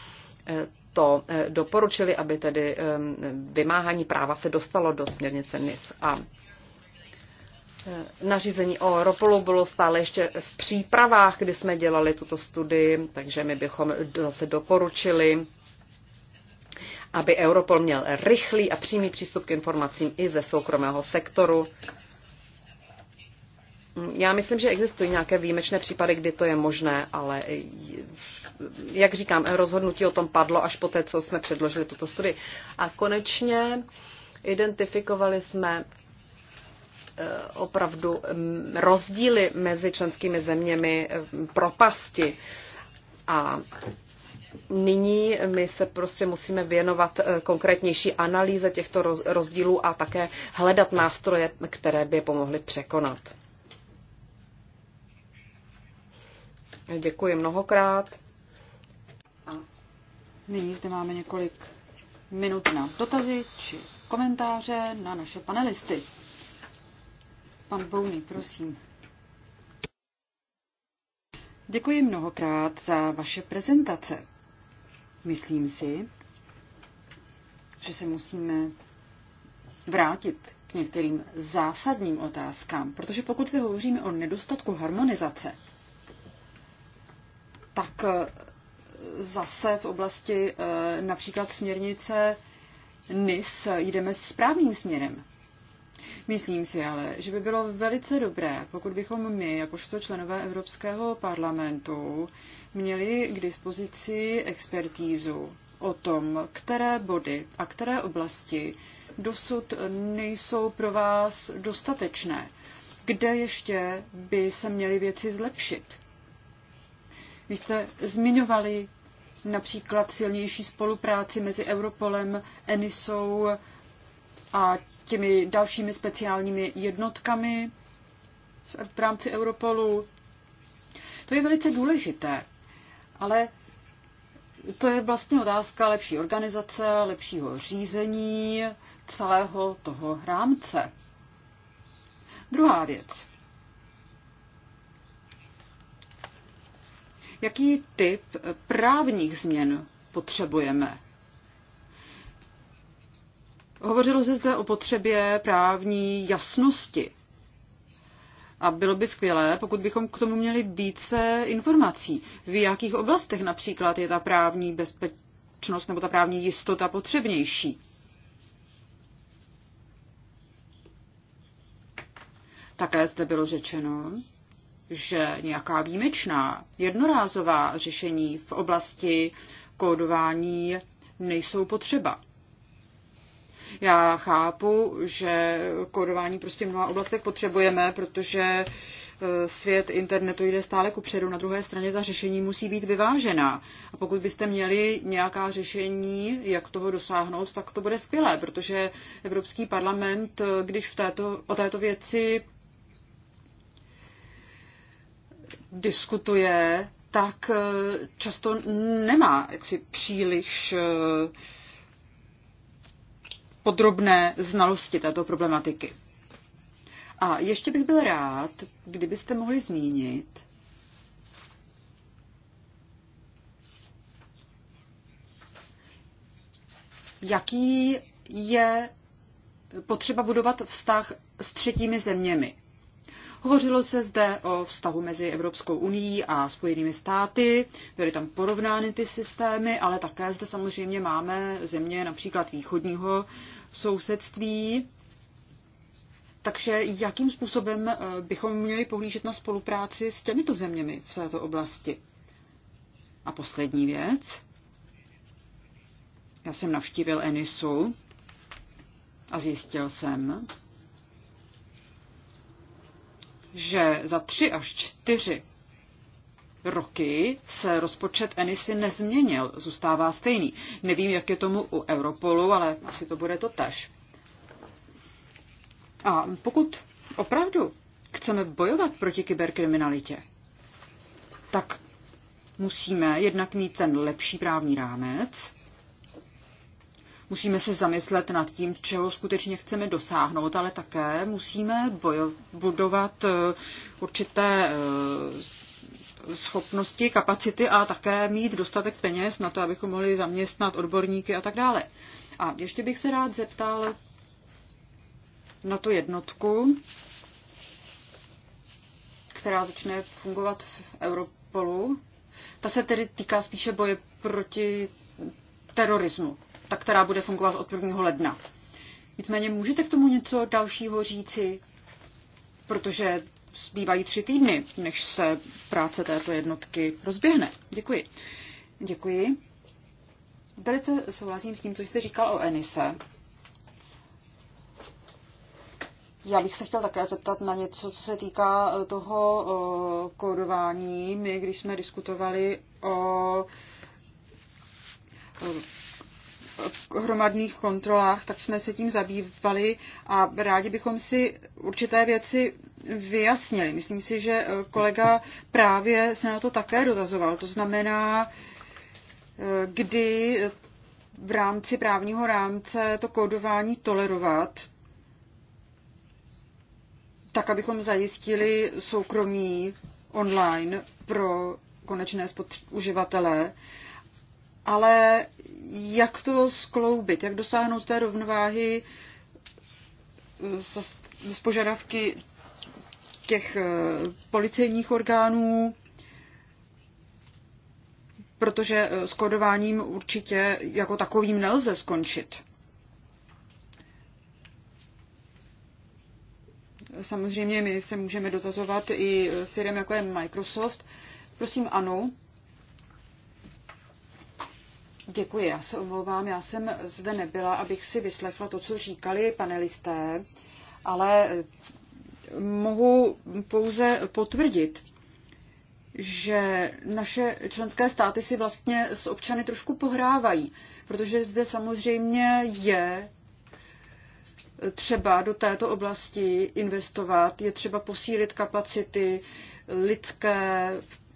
eh, to eh, doporučili, aby tedy ehm, vymáhání práva se dostalo do směrnice NIS. A Eh, nařízení o Europolu bylo stále ještě v přípravách, kdy jsme dělali tuto studii, takže my bychom zase doporučili, aby Europol měl rychlý a přímý přístup k informacím i ze soukromého sektoru. Já myslím, že existují nějaké výjimečné případy, kdy to je možné, ale eh, jak říkám, rozhodnutí o tom padlo až po té, co jsme předložili tuto studii. A konečně identifikovali jsme Eh, opravdu mm, rozdíly mezi členskými zeměmi, eh, propasti. A nyní my se prostě musíme věnovat eh, konkrétnější analýze těchto rozdílů a také hledat nástroje, které by je pomohly překonat. Děkuji mnohokrát. A nyní zde máme několik minut na dotazy či komentáře na naše panelisty. Pan Bouny, prosím. Děkuji mnohokrát za vaše prezentace. Myslím si, že se musíme vrátit k některým zásadním otázkám, protože pokud se hovoříme o nedostatku harmonizace, tak eh, zase v oblasti eh, například směrnice NIS eh, jdeme správným směrem. Myslím si ale, že by bylo velice dobré, pokud bychom my, jakožto členové Evropského parlamentu, měli k dispozici expertízu o tom, které body a které oblasti dosud nejsou pro vás dostatečné, kde ještě by se měly věci zlepšit. Vy jste zmiňovali například silnější spolupráci mezi Europolem, Enisou, a těmi dalšími speciálními jednotkami v rámci Europolu. To je velice důležité, ale to je vlastně otázka lepší organizace, lepšího řízení celého toho rámce. Druhá věc. Jaký typ právních změn potřebujeme? Hovořilo se zde o potřebě právní jasnosti. A bylo by skvělé, pokud bychom k tomu měli více informací. V jakých oblastech například je ta právní bezpečnost nebo ta právní jistota potřebnější? Také zde bylo řečeno, že nějaká výjimečná, jednorázová řešení v oblasti kódování nejsou potřeba. Já chápu, že kódování prostě v mnoha oblastech potřebujeme, protože eh, svět internetu jde stále ku předu. Na druhé straně ta řešení musí být vyvážená. A pokud byste měli nějaká řešení, jak toho dosáhnout, tak to bude skvělé, protože Evropský parlament, eh, když v této, o této věci diskutuje, tak eh, často nemá jaksi příliš podrobné znalosti této problematiky. A ještě bych byl rád, kdybyste mohli zmínit, jaký je potřeba budovat vztah s třetími zeměmi. Hovořilo se zde o vztahu mezi Evropskou unii a Spojenými státy, byly tam porovnány ty systémy, ale také zde samozřejmě máme země například východního sousedství. Takže jakým způsobem eh, bychom měli pohlížet na spolupráci s těmito zeměmi v této oblasti? A poslední věc. Já jsem navštívil Enisu a zjistil jsem, že za tři až čtyři roky se rozpočet Enisy nezměnil, zůstává stejný. Nevím, jak je tomu u Europolu, ale asi to bude to tež. A pokud opravdu chceme bojovat proti kyberkriminalitě, tak musíme jednak mít ten lepší právní rámec, musíme se zamyslet nad tím, čeho skutečně chceme dosáhnout, ale také musíme bojo- budovat eh, určité eh, schopnosti, kapacity a také mít dostatek peněz na to, abychom mohli zaměstnat odborníky a tak dále. A ještě bych se rád zeptal na tu jednotku, která začne fungovat v Europolu. Ta se tedy týká spíše boje proti terorismu, ta, která bude fungovat od 1. ledna. Nicméně můžete k tomu něco dalšího říci, protože zbývají tři týdny, než se práce této jednotky rozběhne. Děkuji. Děkuji. Velice souhlasím s tím, co jste říkal o Enise. Já bych se chtěl také zeptat na něco, co se týká eh, toho eh, kódování. My, když jsme diskutovali o eh, hromadných kontrolách, tak jsme se tím zabývali a rádi bychom si určité věci vyjasnili. Myslím si, že eh, kolega právě se na to také dotazoval. To znamená, eh, kdy eh, v rámci právního rámce to kódování tolerovat, tak abychom zajistili soukromí online pro konečné uživatele, ale jak to skloubit, jak dosáhnout té rovnováhy z požadavky těch eh, policejních orgánů, protože eh, s kodováním určitě jako takovým nelze skončit. Samozřejmě my se můžeme dotazovat i firm jako je Microsoft. Prosím, ano. Děkuji, já se omlouvám, já jsem zde nebyla, abych si vyslechla to, co říkali panelisté, ale mohu pouze potvrdit, že naše členské státy si vlastně s občany trošku pohrávají, protože zde samozřejmě je třeba do této oblasti investovat, je třeba posílit kapacity lidské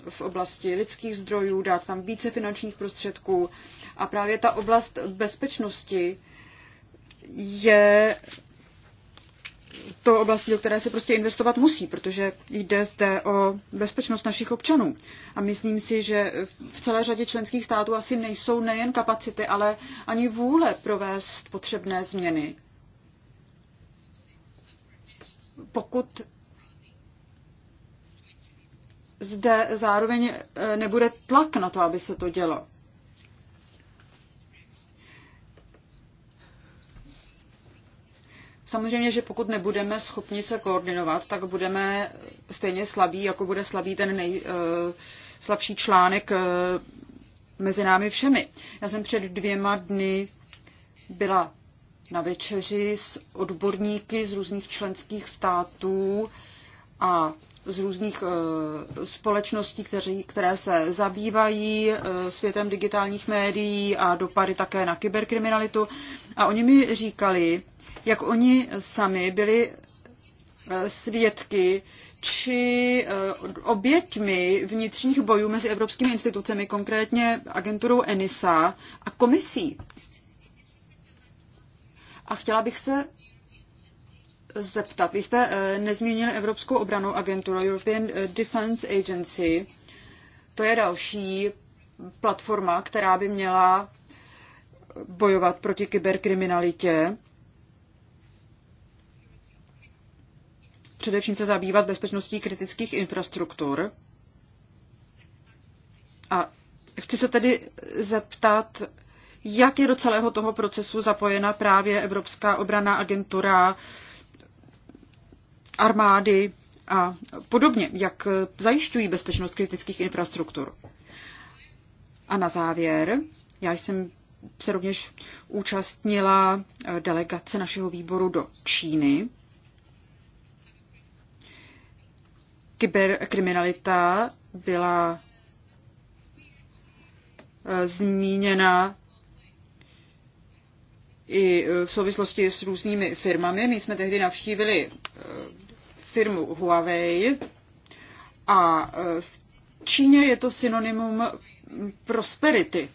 v oblasti lidských zdrojů, dát tam více finančních prostředků. A právě ta oblast bezpečnosti je to oblasti, do které se prostě investovat musí, protože jde zde o bezpečnost našich občanů. A myslím si, že v celé řadě členských států asi nejsou nejen kapacity, ale ani vůle provést potřebné změny. Pokud zde zároveň eh, nebude tlak na to, aby se to dělo. Samozřejmě, že pokud nebudeme schopni se koordinovat, tak budeme stejně slabí, jako bude slabý ten nejslabší eh, článek eh, mezi námi všemi. Já jsem před dvěma dny byla na večeři s odborníky z různých členských států a z různých eh, společností, kteří, které se zabývají světem digitálních médií a dopady také na kyberkriminalitu. A oni mi říkali, jak oni sami byli eh, svědky či eh, oběťmi vnitřních bojů mezi evropskými institucemi, konkrétně agenturou ENISA a komisí. A chtěla bych se zeptat. Vy jste eh, nezmínili Evropskou obranou agenturu, European Defense Agency. To je další platforma, která by měla bojovat proti kyberkriminalitě. především se zabývat bezpečností kritických infrastruktur. A chci se tedy zeptat, jak je do celého toho procesu zapojena právě Evropská obraná agentura, armády a podobně, jak zajišťují bezpečnost kritických infrastruktur. A na závěr, já jsem se rovněž účastnila delegace našeho výboru do Číny kyberkriminalita byla eh, zmíněna i eh, v souvislosti s různými firmami. My jsme tehdy navštívili eh, firmu Huawei a v Číně je to synonymum prosperity.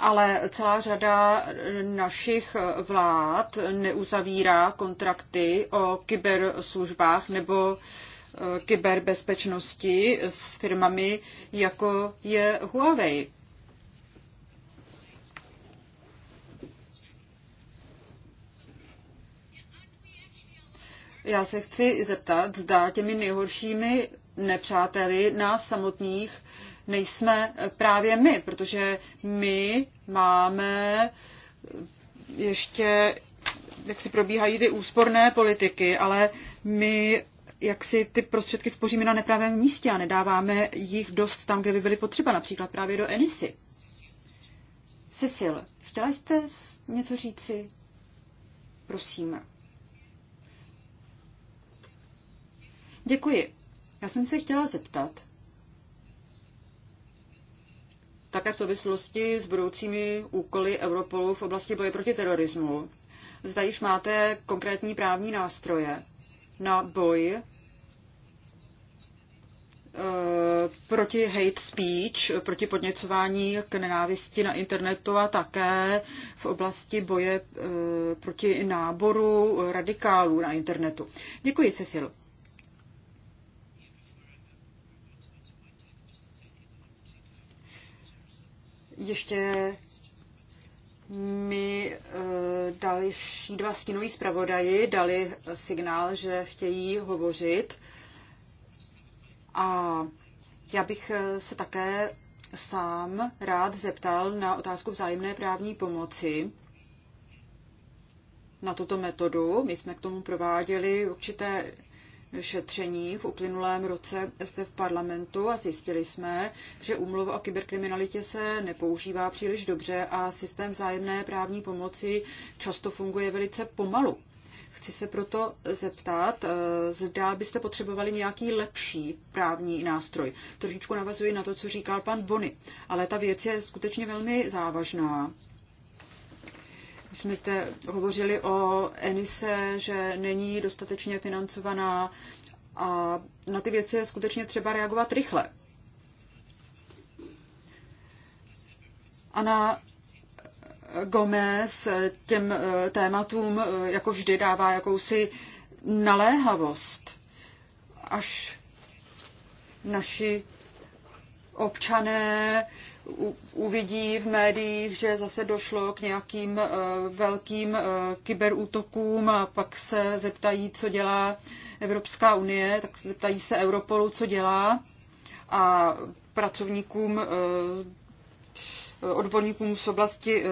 ale celá řada našich vlád neuzavírá kontrakty o kyberslužbách nebo eh, kyberbezpečnosti s firmami, jako je Huawei. Já se chci zeptat, zda těmi nejhoršími nepřáteli nás samotných uh, nejsme eh, právě my, protože my máme eh, ještě, jak si probíhají ty úsporné politiky, ale my jak si ty prostředky spoříme na nepravém místě a nedáváme jich dost tam, kde by byly potřeba, například právě do Enisy. Cecil, chtěla jste něco říci? Prosím. Děkuji. Já jsem se chtěla zeptat, také v souvislosti s budoucími úkoly Europolu v oblasti boje proti terorismu. Zda již máte konkrétní právní nástroje na boj eh, proti hate speech, proti podněcování k nenávisti na internetu a také v oblasti boje eh, proti náboru radikálů na internetu. Děkuji, Cecil. ještě mi eh, další dva stínoví zpravodaji dali eh, signál, že chtějí hovořit. A já bych eh, se také sám rád zeptal na otázku vzájemné právní pomoci na tuto metodu. My jsme k tomu prováděli určité šetření v uplynulém roce zde v parlamentu a zjistili jsme, že úmluva o kyberkriminalitě se nepoužívá příliš dobře a systém vzájemné právní pomoci často funguje velice pomalu. Chci se proto zeptat, eh, zda byste potřebovali nějaký lepší právní nástroj. Trošičku navazuji na to, co říkal pan Bony, ale ta věc je skutečně velmi závažná my jsme zde hovořili o Enise, že není dostatečně financovaná a na ty věci je skutečně třeba reagovat rychle. Ana Gomez těm eh, tématům eh, jako vždy dává jakousi naléhavost, až naši občané uvidí v médiích, že zase došlo k nějakým eh, velkým eh, kyberútokům a pak se zeptají, co dělá Evropská unie, tak se zeptají se Europolu, co dělá a pracovníkům, eh, odborníkům z oblasti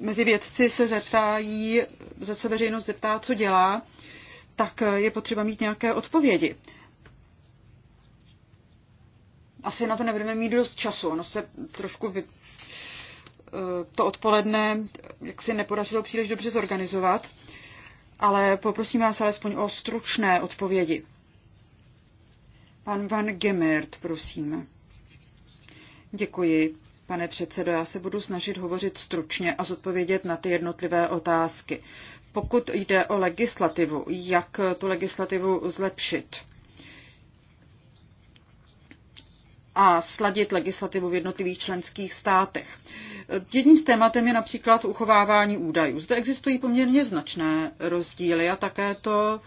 mezi vědci se zeptají, zase veřejnost zeptá, co dělá, tak je potřeba mít nějaké odpovědi asi na to nebudeme mít dost času. Ono se trošku vy... Eh, to odpoledne jak si nepodařilo příliš dobře zorganizovat, ale poprosím vás alespoň o stručné odpovědi. Pan Van Gemert, prosím. Děkuji, pane předsedo. Já se budu snažit hovořit stručně a zodpovědět na ty jednotlivé otázky. Pokud jde o legislativu, jak tu legislativu zlepšit? a sladit legislativu v jednotlivých členských státech. Jedním z tématem je například uchovávání údajů. Zde existují poměrně značné rozdíly a také to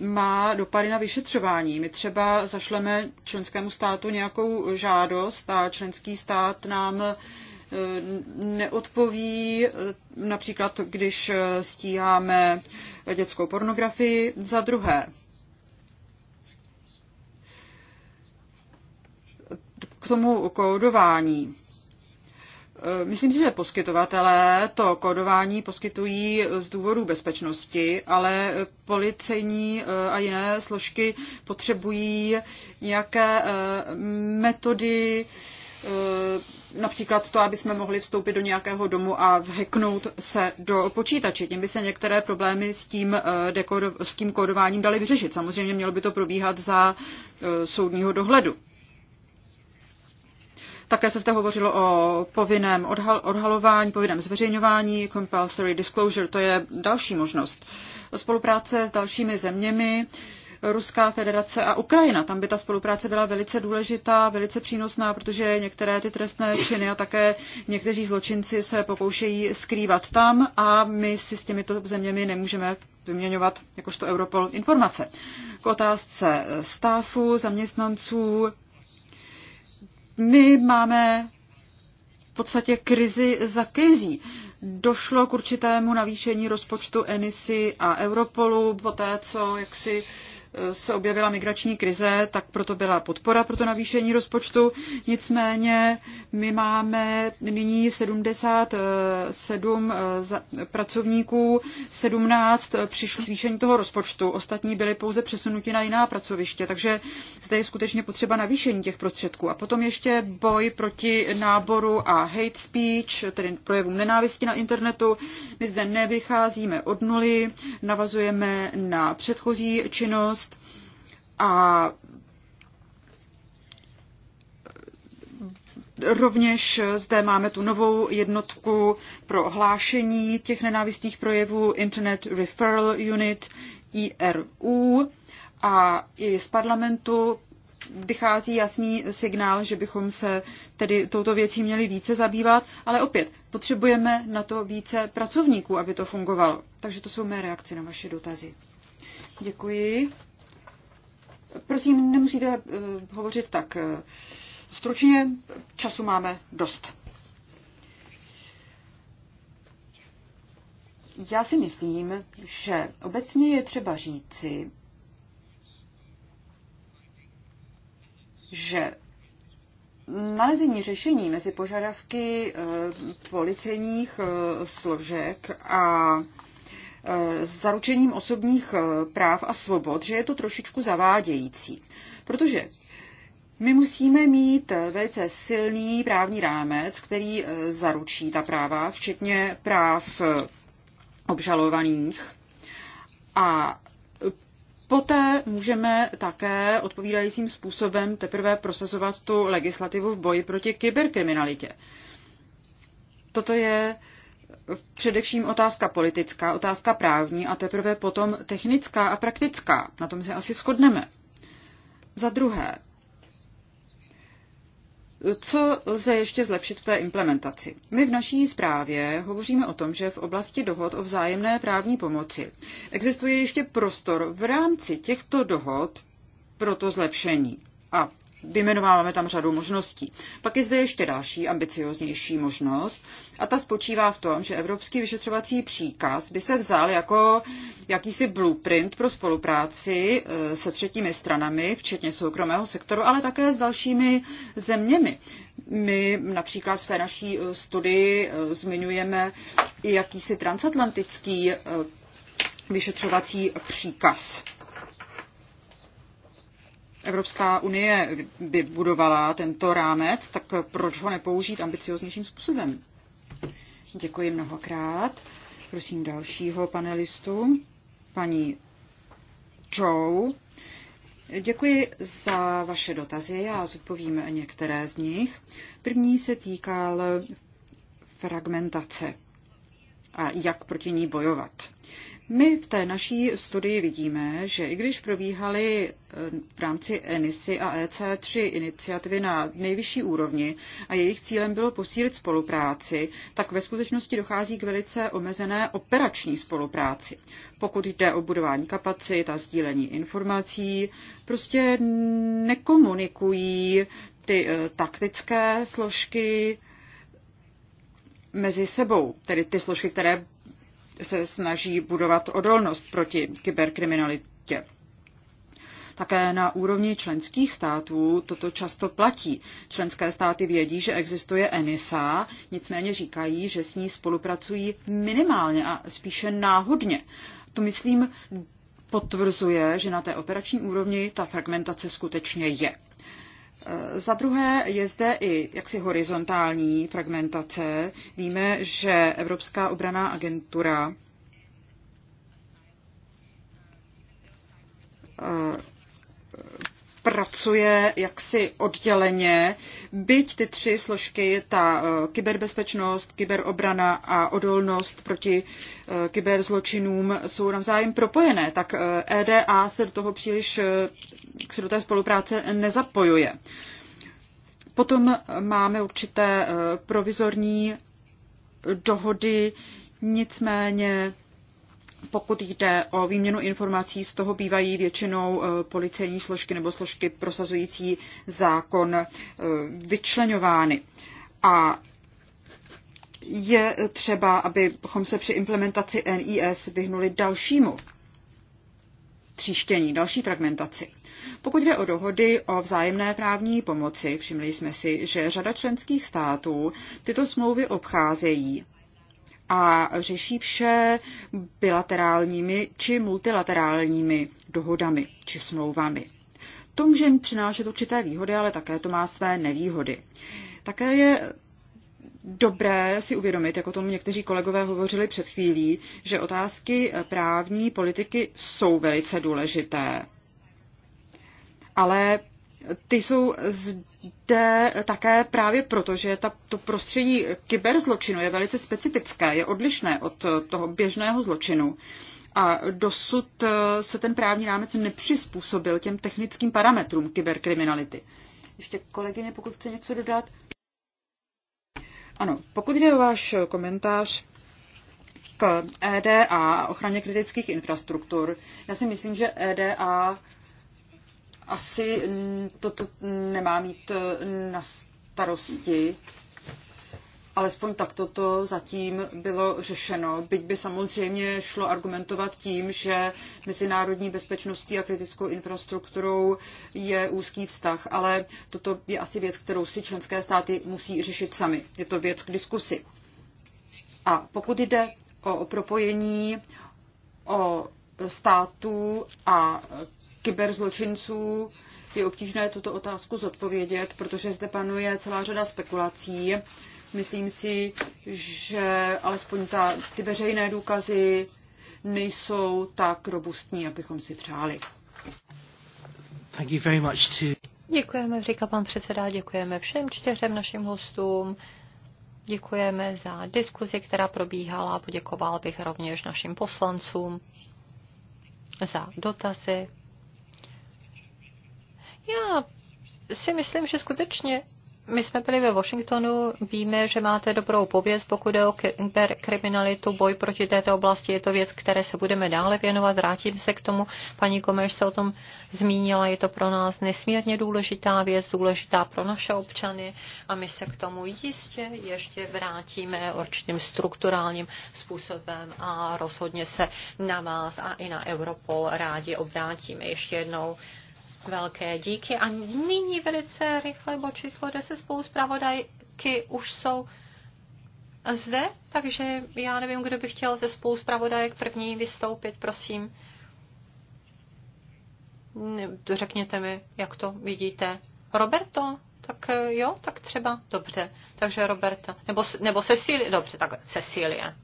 má dopady na vyšetřování. My třeba zašleme členskému státu nějakou žádost a členský stát nám eh, neodpoví, eh, například když stíháme dětskou pornografii. Za druhé, k tomu kódování. E, myslím si, že poskytovatelé to kódování poskytují z důvodu bezpečnosti, ale policejní e, a jiné složky potřebují nějaké e, metody, například to, aby jsme mohli vstoupit do nějakého domu a vheknout se do počítače. Tím by se některé problémy s tím, dekodo, s tím kódováním daly vyřešit. Samozřejmě mělo by to probíhat za soudního dohledu. Také se zde hovořilo o povinném odhal, odhalování, povinném zveřejňování, compulsory disclosure, to je další možnost. Spolupráce s dalšími zeměmi, Ruská federace a Ukrajina. Tam by ta spolupráce byla velice důležitá, velice přínosná, protože některé ty trestné činy a také někteří zločinci se pokoušejí skrývat tam a my si s těmito zeměmi nemůžeme vyměňovat jakožto Europol informace. K otázce stáfu, zaměstnanců, my máme v podstatě krizi za krizí. Došlo k určitému navýšení rozpočtu Enisy a Europolu, poté co jaksi se objevila migrační krize, tak proto byla podpora pro to navýšení rozpočtu. Nicméně my máme nyní 77 eh, pracovníků, 17 eh, přišlo zvýšení toho rozpočtu, ostatní byli pouze přesunuti na jiná pracoviště, takže zde je skutečně potřeba navýšení těch prostředků. A potom ještě boj proti náboru a hate speech, tedy projevům nenávisti na internetu. My zde nevycházíme od nuly, navazujeme na předchozí činnost, část. a Rovněž zde máme tu novou jednotku pro hlášení těch nenávistných projevů Internet Referral Unit IRU a i z parlamentu vychází jasný signál, že bychom se tedy touto věcí měli více zabývat, ale opět potřebujeme na to více pracovníků, aby to fungovalo. Takže to jsou mé reakce na vaše dotazy. Děkuji. Prosím, nemusíte uh, hovořit tak uh, stručně, času máme dost. Já si myslím, že obecně je třeba říci, že nalezení řešení mezi požadavky eh, policejních složek a s eh, zaručením osobních eh, práv a svobod, že je to trošičku zavádějící. Protože my musíme mít eh, velice silný právní rámec, který zaručí ta práva, včetně práv obžalovaných. A Poté můžeme také odpovídajícím způsobem teprve prosazovat tu legislativu v boji proti kyberkriminalitě. Toto je především otázka politická, otázka právní a teprve potom technická a praktická. Na tom se asi shodneme. Za druhé, co lze ještě zlepšit v té implementaci? My v naší zprávě hovoříme o tom, že v oblasti dohod o vzájemné právní pomoci existuje ještě prostor v rámci těchto dohod pro to zlepšení. A vyjmenováváme tam řadu možností. Pak je zde ještě další ambicioznější možnost a ta spočívá v tom, že Evropský vyšetřovací příkaz by se vzal jako jakýsi blueprint pro spolupráci eh, se třetími stranami, včetně soukromého sektoru, ale také s dalšími zeměmi. My například v té naší eh, studii eh, zmiňujeme i jakýsi transatlantický vyšetřovací příkaz. Evropská unie vybudovala tento rámec, tak proč ho nepoužít ambicioznějším způsobem? Děkuji mnohokrát. Prosím dalšího panelistu, paní Joe. Děkuji za vaše dotazy. Já zodpovím některé z nich. První se týkal fragmentace a jak proti ní bojovat. My v té naší studii vidíme, že i když probíhaly eh, v rámci ENISY a EC3 iniciativy na nejvyšší úrovni a jejich cílem bylo posílit spolupráci, tak ve skutečnosti dochází k velice omezené operační spolupráci. Pokud jde o budování kapacit a sdílení informací, prostě nekomunikují ty eh, taktické složky mezi sebou, tedy ty složky, které se snaží budovat odolnost proti kyberkriminalitě. Také na úrovni členských států toto často platí. Členské státy vědí, že existuje ENISA, nicméně říkají, že s ní spolupracují minimálně a spíše náhodně. To myslím potvrzuje, že na té operační úrovni ta fragmentace skutečně je. Za druhé je zde i jaksi horizontální fragmentace. Víme, že Evropská obraná agentura pracuje jaksi odděleně, byť ty tři složky, ta eh, kyberbezpečnost, kyberobrana a odolnost proti eh, kyberzločinům jsou navzájem propojené, tak EDA eh, e se do toho příliš se do té spolupráce nezapojuje. Potom máme určité provizorní dohody, nicméně pokud jde o výměnu informací, z toho bývají většinou eh, policejní složky nebo složky prosazující zákon eh, vyčlenovány. A je třeba, abychom se při implementaci NIS vyhnuli dalšímu tříštění, další fragmentaci. Pokud jde o dohody o vzájemné právní pomoci, všimli jsme si, že řada členských států tyto smlouvy obcházejí a řeší vše bilaterálními či multilaterálními dohodami či smlouvami. To může přinášet určité výhody, ale také to má své nevýhody. Také je dobré si uvědomit, jako tomu někteří kolegové hovořili před chvílí, že otázky právní politiky jsou velice důležité. Ale ty jsou zde také právě proto, že ta, to prostředí kyberzločinu je velice specifické, je odlišné od toho běžného zločinu. A dosud eh, se ten právní rámec nepřizpůsobil těm technickým parametrům kyberkriminality. Ještě kolegyně, pokud chce něco dodat. Ano, pokud jde o váš komentář k EDA, ochraně kritických infrastruktur, já si myslím, že EDA asi mm, toto nemá mít e, na starosti. Alespoň tak to zatím bylo řešeno, byť by samozřejmě šlo argumentovat tím, že mezinárodní bezpečností a kritickou infrastrukturou je úzký vztah, ale toto je asi věc, kterou si členské státy musí řešit sami. Je to věc k diskusi. A pokud jde o propojení o státu a kyberzločinců, je obtížné tuto otázku zodpovědět, protože zde panuje celá řada spekulací. Myslím si, že alespoň ta, ty veřejné důkazy nejsou tak robustní, abychom si přáli. Thank you very much to... Děkujeme, říká pan předseda, děkujeme všem čtyřem našim hostům. Děkujeme za diskuzi, která probíhala. Poděkoval bych rovněž našim poslancům za dotazy, já si myslím, že skutečně my jsme byli ve Washingtonu, víme, že máte dobrou pověst, pokud je o kriminalitu, boj proti této oblasti, je to věc, které se budeme dále věnovat, vrátím se k tomu. Paní Komeš se o tom zmínila, je to pro nás nesmírně důležitá věc, důležitá pro naše občany a my se k tomu jistě ještě vrátíme určitým strukturálním způsobem a rozhodně se na vás a i na Europol rádi obrátíme. Ještě jednou velké díky. A nyní velice rychle bo číslo 10 spolu zpravodajky už jsou zde, takže já nevím, kdo by chtěl ze spolu zpravodajek první vystoupit, prosím. Řekněte mi, jak to vidíte. Roberto, tak eh, jo, tak třeba, dobře. Takže Roberta, nebo, nebo Cecilie. dobře, tak Cecilie.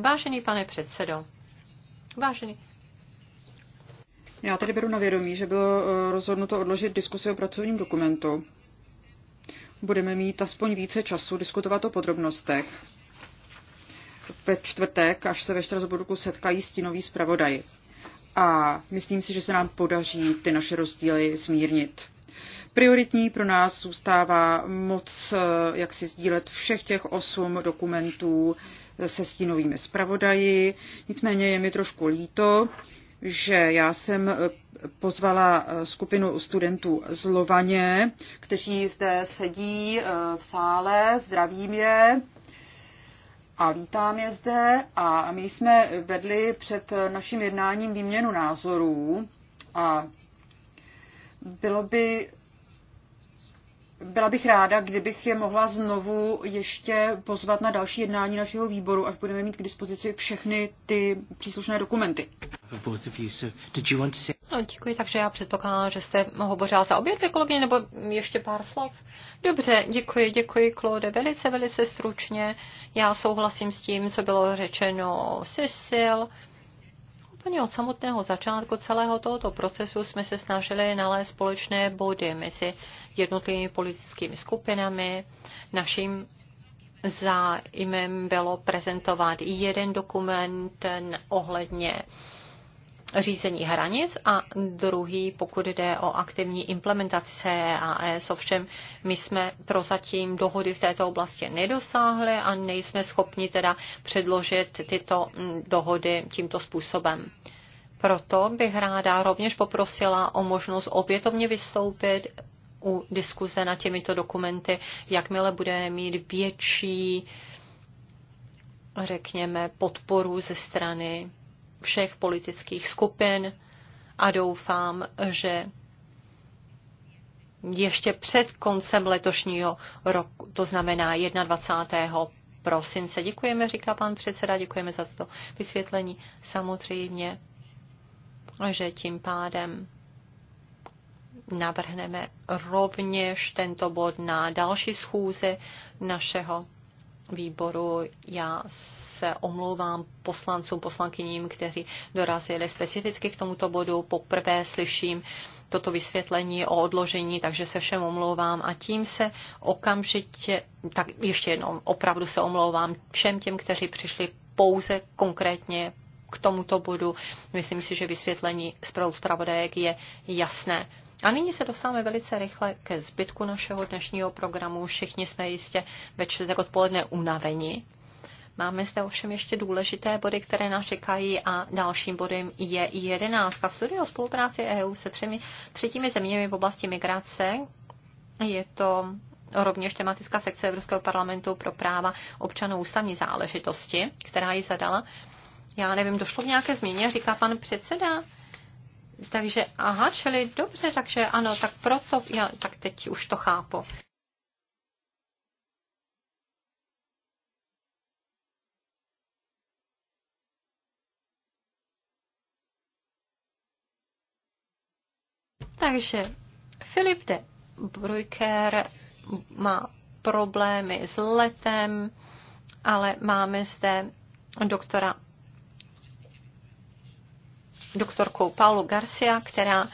Vážený pane předsedo, vážený já tady beru na vědomí, že bylo eh, rozhodnuto odložit diskusi o pracovním dokumentu. Budeme mít aspoň více času diskutovat o podrobnostech. Ve čtvrtek, až se ve Štrasburku setkají stínoví zpravodaj. A myslím si, že se nám podaří ty naše rozdíly smírnit. Prioritní pro nás zůstává moc, eh, jak si sdílet všech těch osm dokumentů se stínovými zpravodaji. Nicméně je mi trošku líto, že já jsem eh, pozvala eh, skupinu studentů z Lovaně, kteří zde sedí eh, v sále, zdravím je a vítám je zde. A my jsme vedli před naším jednáním výměnu názorů a bylo by byla bych ráda, kdybych je mohla znovu ještě pozvat na další jednání našeho výboru, až budeme mít k dispozici všechny ty příslušné dokumenty. No, děkuji, takže já předpokládám, že jste hovořila za obě dvě kolegyně, nebo ještě pár slov. Dobře, děkuji, děkuji, Claude, velice, velice stručně. Já souhlasím s tím, co bylo řečeno Cecil. Úplně od samotného začátku celého tohoto procesu jsme se snažili nalézt společné body mezi jednotlivými politickými skupinami. Naším zájmem bylo prezentovat jeden dokument ohledně řízení hranic a druhý, pokud jde o aktivní implementaci CEAS. Ovšem, my jsme prozatím dohody v této oblasti nedosáhli a nejsme schopni teda předložit tyto mm, dohody tímto způsobem. Proto bych ráda rovněž poprosila o možnost opětovně vystoupit u diskuze na těmito dokumenty, jakmile budeme mít větší, řekněme, podporu ze strany všech politických skupin a doufám, že ještě před koncem letošního roku, to znamená 21. prosince. Děkujeme, říká pan předseda, děkujeme za toto vysvětlení. Samozřejmě, že tím pádem navrhneme rovněž tento bod na další schůze našeho výboru. Já se omlouvám poslancům, poslankyním, kteří dorazili specificky k tomuto bodu. Poprvé slyším toto vysvětlení o odložení, takže se všem omlouvám a tím se okamžitě, tak ještě jednou, opravdu se omlouvám všem těm, kteří přišli pouze konkrétně k tomuto bodu. Myslím si, že vysvětlení zpravodajek je jasné. A nyní se dostáváme velice rychle ke zbytku našeho dnešního programu. Všichni jsme jistě ve čtvrtek odpoledne unaveni. Máme zde ovšem ještě důležité body, které nás čekají a dalším bodem je 11. Studie o spolupráci EU se třemi, třetími zeměmi v oblasti migrace. Je to rovněž tematická sekce Evropského parlamentu pro práva občanů ústavní záležitosti, která ji zadala. Já nevím, došlo k nějaké změně, říká pan předseda. Takže aha, čili dobře, takže ano, tak proto, já, tak teď už to chápu. Takže Filip de Bruyker má problémy s letem, ale máme zde doktora doktorkou Paulo Garcia, která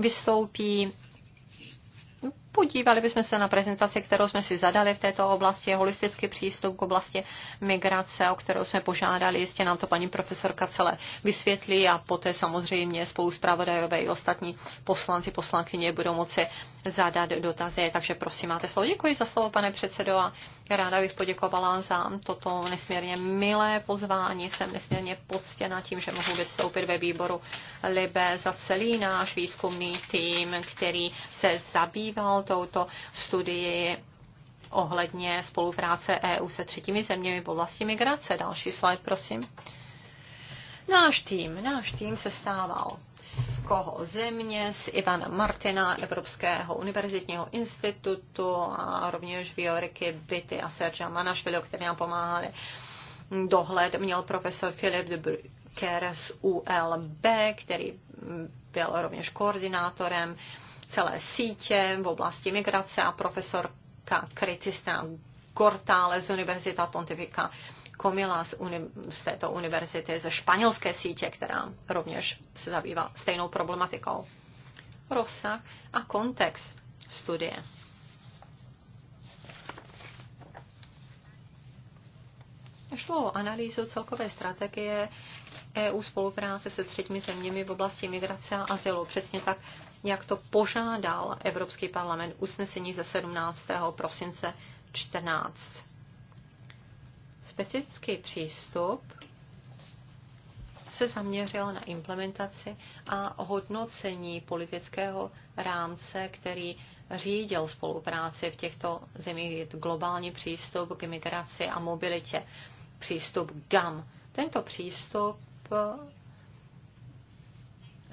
vystoupí. Podívali bychom se na prezentaci, kterou jsme si zadali v této oblasti, holistický přístup k oblasti migrace, o kterou jsme požádali. Jistě nám to paní profesorka celé vysvětlí a poté samozřejmě spolu s i ostatní poslanci, poslankyně budou moci zadat dotazy, takže prosím, máte slovo. Děkuji za slovo, pane předsedo, a ráda bych poděkovala za toto nesmírně milé pozvání. Jsem nesmírně poctěna tím, že mohu vystoupit ve výboru Libe za celý náš výzkumný tým, který se zabýval touto studii ohledně spolupráce EU se třetími zeměmi v oblasti migrace. Další slide, prosím. Náš tým, náš tým se stával z koho země, z Ivana Martina, Evropského univerzitního institutu a rovněž Vioriky Bity a Serge Manašvili, který nám pomáhali. Dohled měl profesor Filip de Brucker z ULB, který byl rovněž koordinátorem celé sítě v oblasti migrace a profesorka Kritistina Gortále z Univerzita Pontifika Komila z, uni- z této univerzity, ze španělské sítě, která rovněž se zabývá stejnou problematikou. Rozsah a kontext studie. Šlo o analýzu celkové strategie EU spolupráce se třetími zeměmi v oblasti migrace a azylu. Přesně tak, jak to požádal Evropský parlament usnesení ze 17. prosince 14 specifický přístup se zaměřil na implementaci a hodnocení politického rámce, který řídil spolupráci v těchto zemích, globální přístup k migraci a mobilitě, přístup GAM. Tento přístup eh,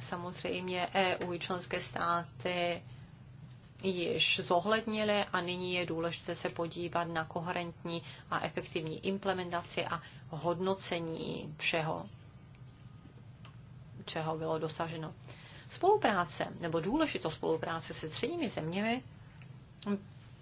samozřejmě EU i členské státy již zohlednili a nyní je důležité se podívat na koherentní a efektivní implementaci a hodnocení všeho, čeho bylo dosaženo. Spolupráce nebo důležitost spolupráce se třetími zeměmi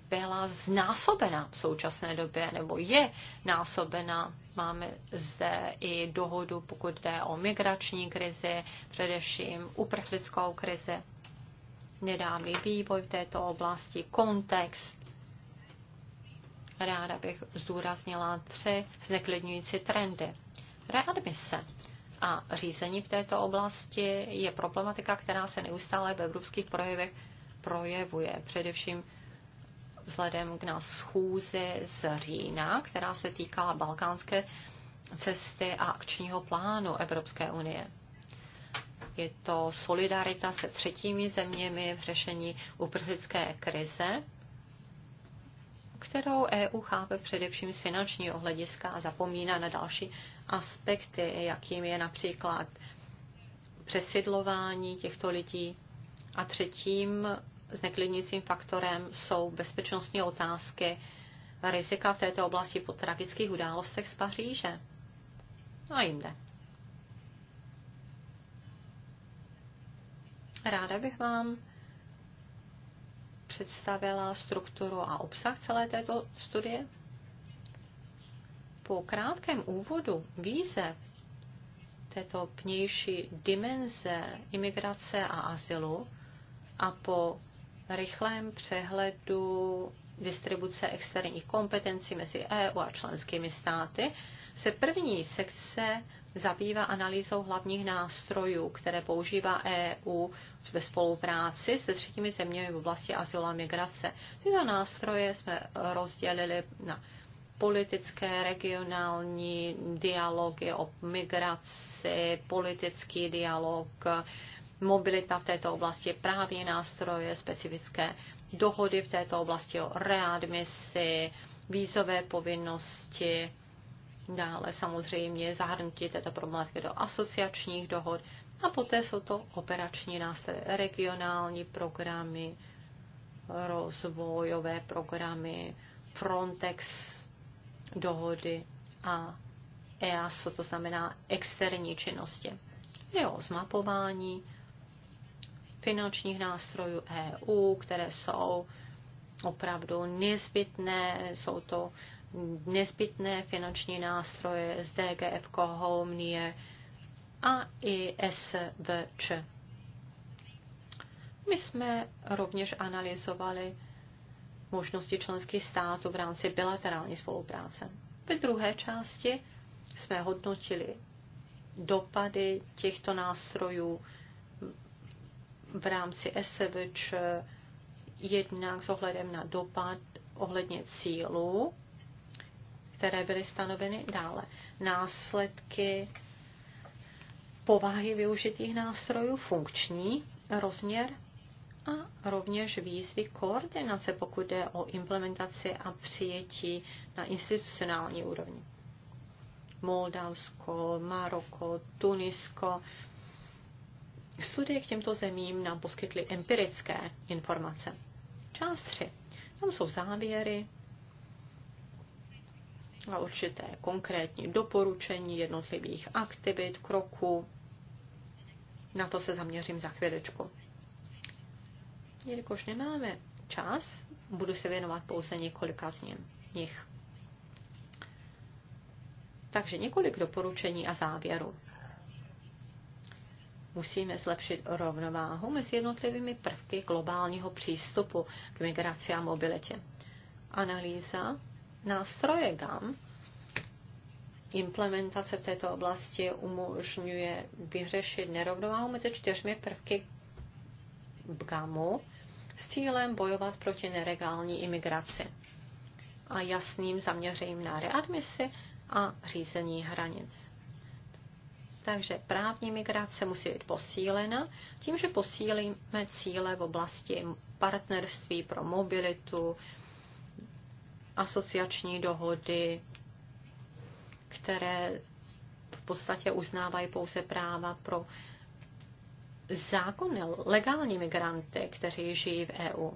byla znásobena v současné době, nebo je násobena. Máme zde i dohodu, pokud jde o migrační krizi, především uprchlickou krizi nedávný vývoj v této oblasti, kontext. Ráda bych zdůraznila tři zneklidňující trendy. Readmise a řízení v této oblasti je problematika, která se neustále ve evropských projevech projevuje, především vzhledem k nás schůzi z října, která se týká balkánské cesty a akčního plánu Evropské unie. Je to solidarita se třetími zeměmi v řešení uprchlické krize, kterou EU chápe především z finančního hlediska a zapomíná na další aspekty, jakým je například přesidlování těchto lidí. A třetím zneklidňujícím faktorem jsou bezpečnostní otázky rizika v této oblasti po tragických událostech z Paříže a jinde. Ráda bych vám představila strukturu a obsah celé této studie. Po krátkém úvodu víze této pnější dimenze imigrace a asilu a po rychlém přehledu distribuce externích kompetencí mezi EU a členskými státy se první sekce zabývá analýzou hlavních nástrojů, které používá EU ve spolupráci se třetími zeměmi v oblasti azylu a migrace. Tyto nástroje jsme rozdělili na politické, regionální dialogy o migraci, politický dialog, mobilita v této oblasti, právní nástroje, specifické dohody v této oblasti o readmisi, vízové povinnosti, dále samozřejmě zahrnutí této problematiky do asociačních dohod a poté jsou to operační nástroje, regionální programy, rozvojové programy, Frontex dohody a EASO, to znamená externí činnosti. jo, o zmapování finančních nástrojů EU, které jsou opravdu nezbytné, jsou to nezbytné finanční nástroje z DGF, Homnie a i SVČ. My jsme rovněž analyzovali možnosti členských států v rámci bilaterální spolupráce. Ve druhé části jsme hodnotili dopady těchto nástrojů v rámci SVČ jednak s ohledem na dopad ohledně cílů které byly stanoveny dále. Následky povahy využitých nástrojů, funkční rozměr a rovněž výzvy koordinace, pokud jde o implementaci a přijetí na institucionální úrovni. Moldavsko, Maroko, Tunisko. Studie k těmto zemím nám poskytly empirické informace. Část 3. Tam jsou závěry, a určité konkrétní doporučení jednotlivých aktivit, kroků. Na to se zaměřím za chvědečku. Jelikož nemáme čas, budu se věnovat pouze několika z nich. Takže několik doporučení a závěru. Musíme zlepšit rovnováhu mezi jednotlivými prvky globálního přístupu k migraci a mobilitě. Analýza nástroje GAM implementace v této oblasti umožňuje vyřešit nerovnováhu mezi čtyřmi prvky GAMu s cílem bojovat proti neregální imigraci a jasným zaměřením na readmisi a řízení hranic. Takže právní migrace musí být posílena tím, že posílíme cíle v oblasti partnerství pro mobilitu, asociační dohody, které v podstatě uznávají pouze práva pro zákonné, legální migranty, kteří žijí v EU.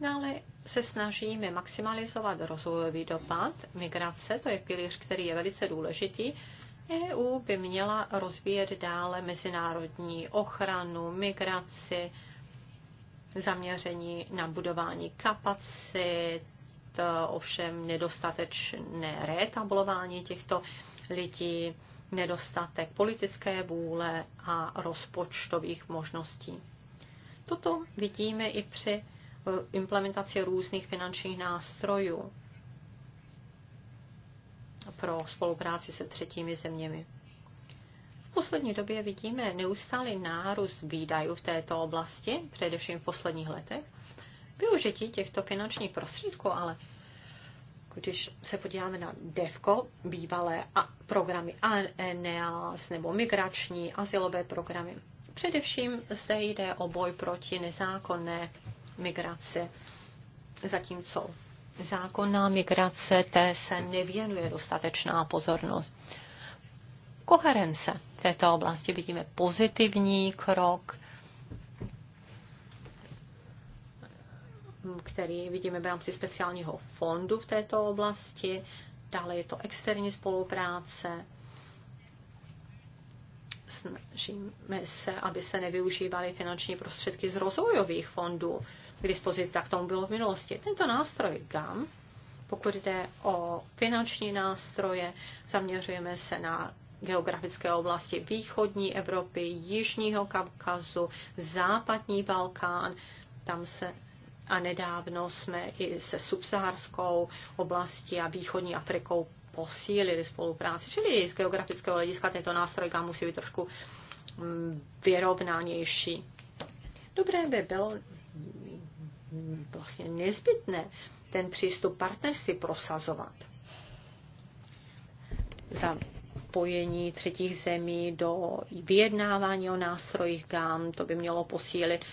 Dále se snažíme maximalizovat rozvojový dopad migrace, to je pilíř, který je velice důležitý. EU by měla rozvíjet dále mezinárodní ochranu, migraci, zaměření na budování kapacit, Eh, ovšem nedostatečné rétablování těchto lidí, nedostatek politické vůle a rozpočtových možností. Toto vidíme i při eh, implementaci různých finančních nástrojů pro spolupráci se třetími zeměmi. V poslední době vidíme neustálý nárůst výdajů v této oblasti, především v posledních letech. Využití těchto finančních prostředků ale když se podíváme na DEVKO, bývalé a programy ANEAS nebo migrační, asilové programy. Především zde jde o boj proti nezákonné migraci, zatímco zákonná migrace té se nevěnuje dostatečná pozornost. Koherence v této oblasti vidíme pozitivní krok který vidíme v rámci speciálního fondu v této oblasti. Dále je to externí spolupráce. Snažíme se, aby se nevyužívaly finanční prostředky z rozvojových fondů k dispozici, tak tomu bylo v minulosti. Tento nástroj GAM, pokud jde o finanční nástroje, zaměřujeme se na geografické oblasti východní Evropy, jižního Kavkazu, západní Balkán. Tam se a nedávno jsme i se subsaharskou oblastí a východní Afrikou posílili spolupráci. Čili z geografického hlediska tento nástroj musí být trošku mm, vyrovnanější. Dobré by bylo mm, vlastně nezbytné ten přístup partnerství prosazovat. pojení třetích zemí do vyjednávání o nástrojích GAM, to by mělo posílit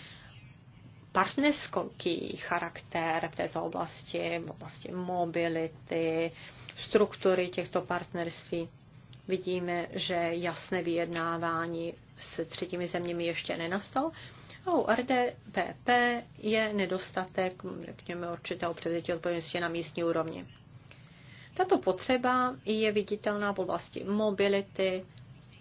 partnerský charakter v této oblasti, v oblasti mobility, struktury těchto partnerství. Vidíme, že jasné vyjednávání s třetími zeměmi ještě nenastalo. A u RDPP je nedostatek, řekněme, určitého převzetí odpovědnosti na místní úrovni. Tato potřeba je viditelná v oblasti mobility,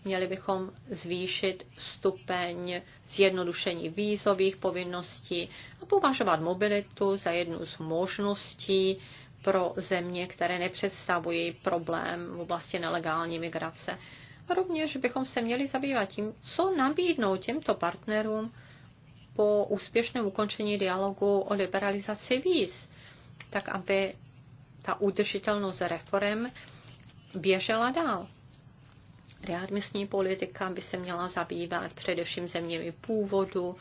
Měli bychom zvýšit stupeň zjednodušení vízových povinností a považovat mobilitu za jednu z možností pro země, které nepředstavují problém v oblasti nelegální migrace. A rovněž bychom se měli zabývat tím, co nabídnout těmto partnerům po úspěšném ukončení dialogu o liberalizaci víz, tak aby ta udržitelnost reform běžela dál readmisní politika by se měla zabývat především zeměmi původu,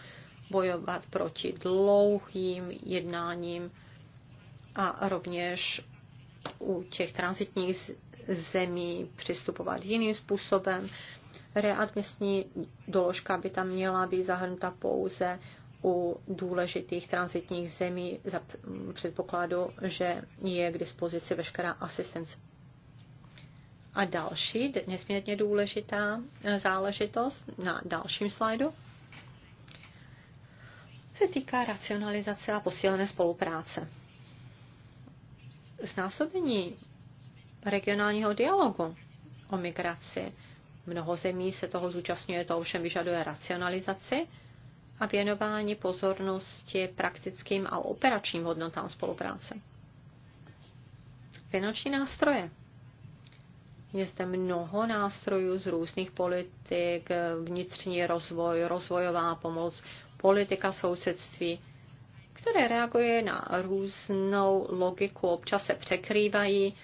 bojovat proti dlouhým jednáním a rovněž u těch transitních zemí přistupovat jiným způsobem. Readmisní doložka by tam měla být zahrnuta pouze u důležitých transitních zemí za předpokladu, že je k dispozici veškerá asistence a další, nesmírně důležitá e, záležitost na dalším slajdu, se týká racionalizace a posílené spolupráce. Znásobení regionálního dialogu o migraci. Mnoho zemí se toho zúčastňuje, to ovšem vyžaduje racionalizaci a věnování pozornosti praktickým a operačním hodnotám spolupráce. Finanční nástroje. Je zde mnoho nástrojů z různých politik, vnitřní rozvoj, rozvojová pomoc, politika sousedství, které reaguje na různou logiku, občas se překrývají.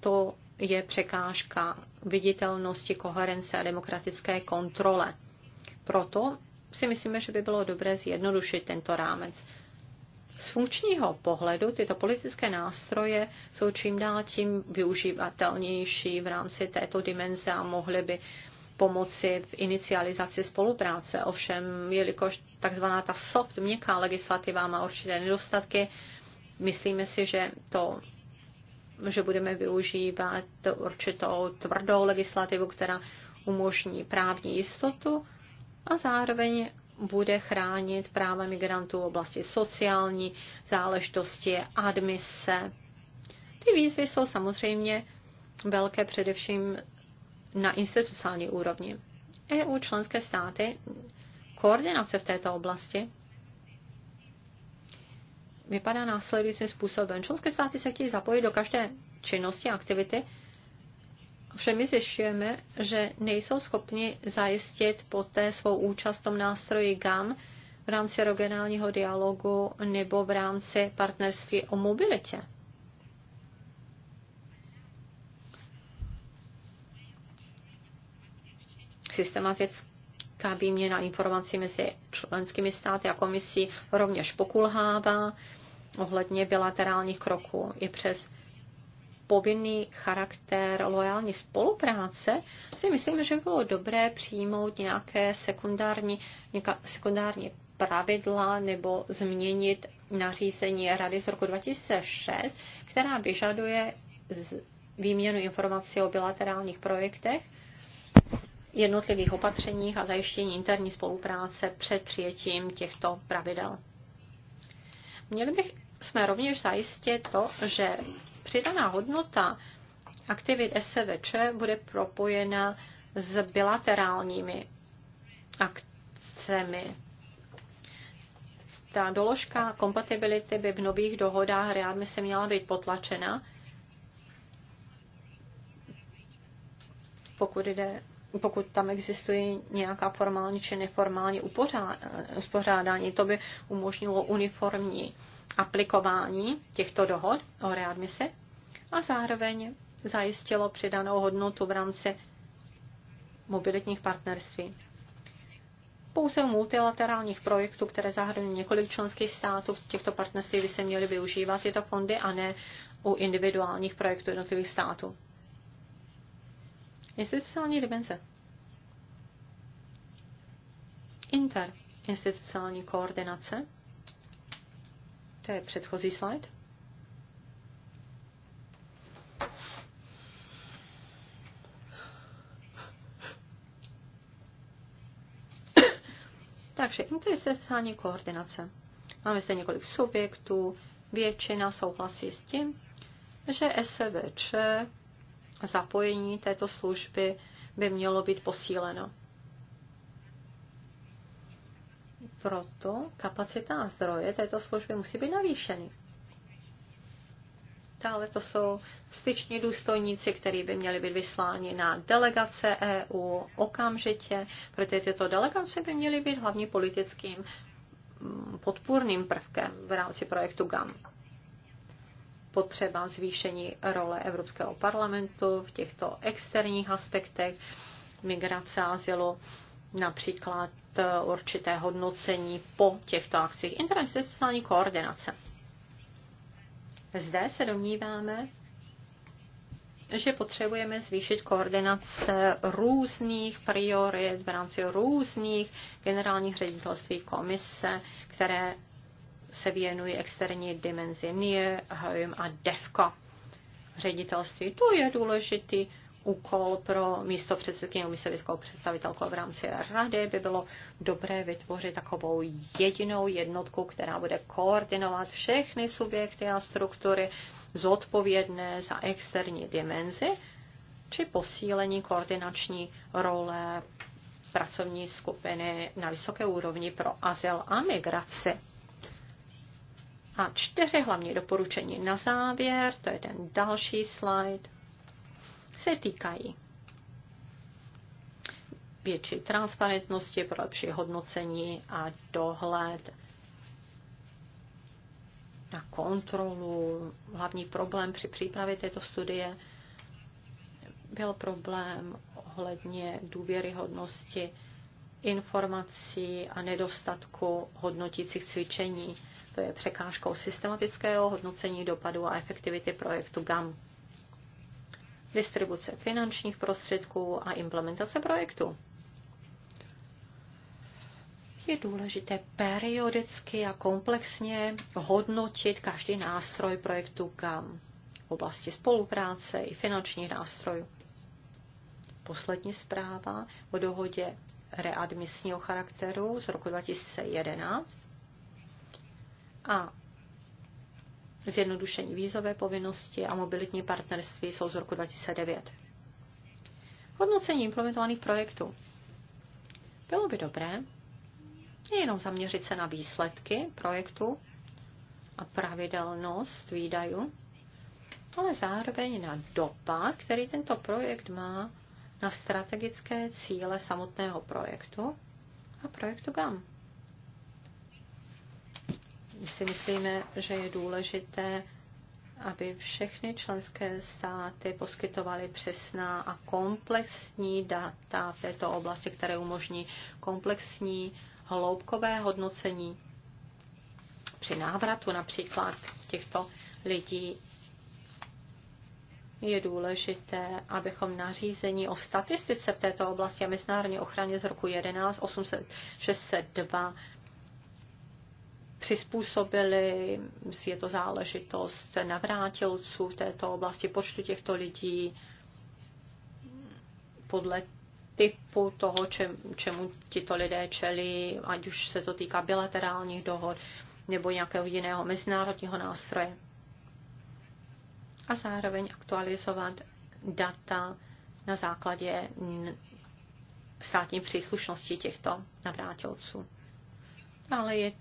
To je překážka viditelnosti, koherence a demokratické kontrole. Proto si myslíme, že by bylo dobré zjednodušit tento rámec. Z funkčního pohledu tyto politické nástroje jsou čím dál tím využívatelnější v rámci této dimenze a mohly by pomoci v inicializaci spolupráce. Ovšem, jelikož takzvaná ta soft, měkká legislativa má určité nedostatky, myslíme si, že to že budeme využívat určitou tvrdou legislativu, která umožní právní jistotu a zároveň bude chránit práva migrantů v oblasti sociální záležitosti, admise. Ty výzvy jsou samozřejmě velké především na institucionální úrovni. EU členské státy, koordinace v této oblasti vypadá následujícím způsobem. Členské státy se chtějí zapojit do každé činnosti a aktivity, Ovšem my zjišťujeme, že nejsou schopni zajistit poté svou účast v tom nástroji GAM v rámci regionálního dialogu nebo v rámci partnerství o mobilitě. Systematická výměna informací mezi členskými státy a komisí rovněž pokulhává ohledně bilaterálních kroků i přes povinný charakter loajální spolupráce, si myslím, že by bylo dobré přijmout nějaké sekundární, nějaká sekundární pravidla nebo změnit nařízení Rady z roku 2006, která vyžaduje výměnu informací o bilaterálních projektech, jednotlivých opatřeních a zajištění interní spolupráce před přijetím těchto pravidel. Měli bych jsme rovněž zajistit to, že přidaná hodnota aktivit SVČ bude propojena s bilaterálními akcemi. Ta doložka kompatibility by v nových dohodách reálně se měla být potlačena, pokud jde pokud tam existuje nějaká formální či neformální uspořádání, to by umožnilo uniformní aplikování těchto dohod o readmisi a zároveň zajistilo přidanou hodnotu v rámci mobilitních partnerství. Pouze u multilaterálních projektů, které zahrnují několik členských států, v těchto partnerství by se měly využívat tyto fondy a ne u individuálních projektů jednotlivých států. Institucionální dimenze. Interinstitucionální koordinace. To je předchozí slide. Takže intersexuální koordinace. Máme zde několik subjektů, většina souhlasí s tím, že SVČ zapojení této služby by mělo být posíleno. Proto kapacita a zdroje této služby musí být navýšeny. Dále to jsou styční důstojníci, kteří by měli být vysláni na delegace EU okamžitě, protože tyto delegace by měly být hlavně politickým mm, podpůrným prvkem v rámci projektu GAM. Potřeba zvýšení role Evropského parlamentu v těchto externích aspektech migrace a azylu, například e, určité hodnocení po těchto akcích, interinstitucionální koordinace. Zde se domníváme, že potřebujeme zvýšit koordinace různých priorit v rámci různých generálních ředitelství komise, které se věnují externí dimenzi NIE, HOIM a DEFCO ředitelství. To je důležitý úkol pro místo předsedkyně komise vysokou představitelkou v rámci rady by bylo dobré vytvořit takovou jedinou jednotku, která bude koordinovat všechny subjekty a struktury zodpovědné za externí dimenzi při posílení koordinační role pracovní skupiny na vysoké úrovni pro azyl a migraci. A čtyři hlavní doporučení na závěr, to je ten další slide se týkají větší transparentnosti pro lepší hodnocení a dohled na kontrolu. Hlavní problém při přípravě této studie byl problém ohledně důvěryhodnosti informací a nedostatku hodnotících cvičení. To je překážkou systematického hodnocení dopadu a efektivity projektu GAM distribuce finančních prostředků a implementace projektu. Je důležité periodicky a komplexně hodnotit každý nástroj projektu GAM v oblasti spolupráce i finančních nástrojů. Poslední zpráva o dohodě readmisního charakteru z roku 2011 a zjednodušení vízové povinnosti a mobilitní partnerství jsou z roku 2009. Hodnocení implementovaných projektů. Bylo by dobré nejenom zaměřit se na výsledky projektu a pravidelnost výdajů, ale zároveň na dopad, který tento projekt má na strategické cíle samotného projektu a projektu GAM si myslíme, že je důležité, aby všechny členské státy poskytovaly přesná a komplexní data v této oblasti, které umožní komplexní hloubkové hodnocení při návratu například těchto lidí je důležité, abychom nařízení o statistice v této oblasti a mezinárodní ochraně z roku 11 802 přizpůsobili, je to záležitost navrátilců v této oblasti, počtu těchto lidí podle typu toho, čem, čemu tito lidé čelí, ať už se to týká bilaterálních dohod nebo nějakého jiného mezinárodního nástroje. A zároveň aktualizovat data na základě státní příslušnosti těchto navrátilců. Ale je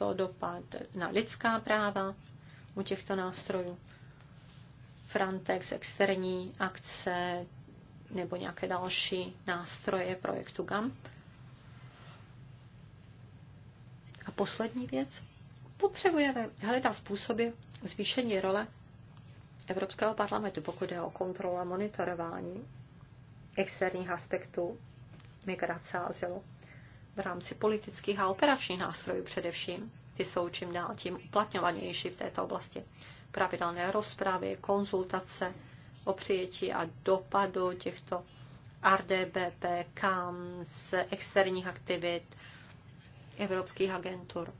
to dopad na lidská práva u těchto nástrojů. Frontex, externí akce nebo nějaké další nástroje projektu GAM. A poslední věc. Potřebujeme hledat způsoby zvýšení role Evropského parlamentu, pokud je o kontrolu a monitorování externích aspektů migrace a azylu v rámci politických a operačních nástrojů především. Ty jsou čím dál tím uplatňovanější v této oblasti. Pravidelné rozpravy, konzultace o přijetí a dopadu těchto RDBP, KAM, z externích aktivit, evropských agentur.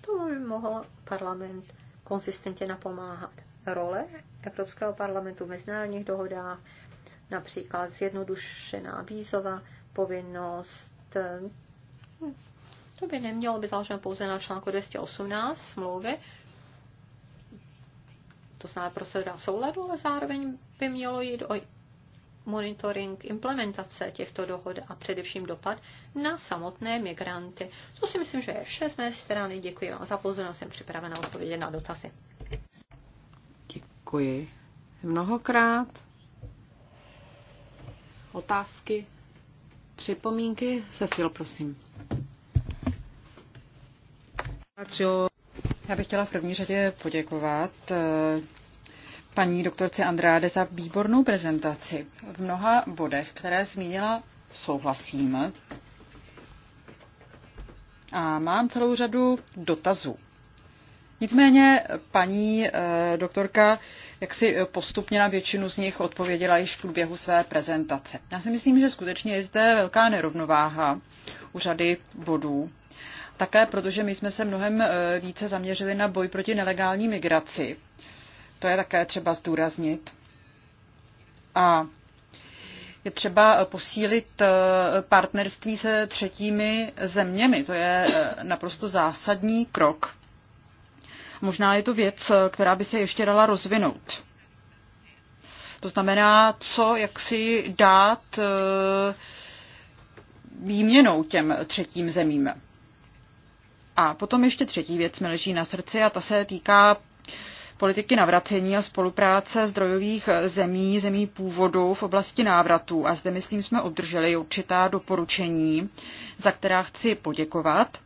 To by mohl parlament konzistentně napomáhat. Role Evropského parlamentu v mezinárodních dohodách, například zjednodušená vízová povinnost, eh, to by nemělo být založeno pouze na článku 218 smlouvy, to znamená prostě dá souladu, ale zároveň by mělo jít o monitoring implementace těchto dohod a především dopad na samotné migranty. To si myslím, že je vše z mé strany. Děkuji vám za pozornost, jsem připravena odpovědět na dotazy. Děkuji mnohokrát. Otázky? připomínky. Cecil, prosím. Já bych chtěla v první řadě poděkovat eh, paní doktorce Andráde za výbornou prezentaci. V mnoha bodech, které zmínila, souhlasím. A mám celou řadu dotazů. Nicméně paní eh, doktorka jak si eh, postupně na většinu z nich odpověděla již v průběhu své prezentace. Já si myslím, že skutečně je zde velká nerovnováha u řady bodů. Také protože my jsme se mnohem eh, více zaměřili na boj proti nelegální migraci. To je také třeba zdůraznit. A je třeba eh, posílit partnerství se třetími zeměmi. To je naprosto zásadní krok Možná je to věc, která by se ještě dala rozvinout. To znamená, co jak si dát eh, výměnou těm třetím zemím. A potom ještě třetí věc mi leží na srdci a ta se týká politiky navracení a spolupráce zdrojových zemí, zemí původu v oblasti návratu. A zde, myslím, jsme obdrželi určitá doporučení, za která chci poděkovat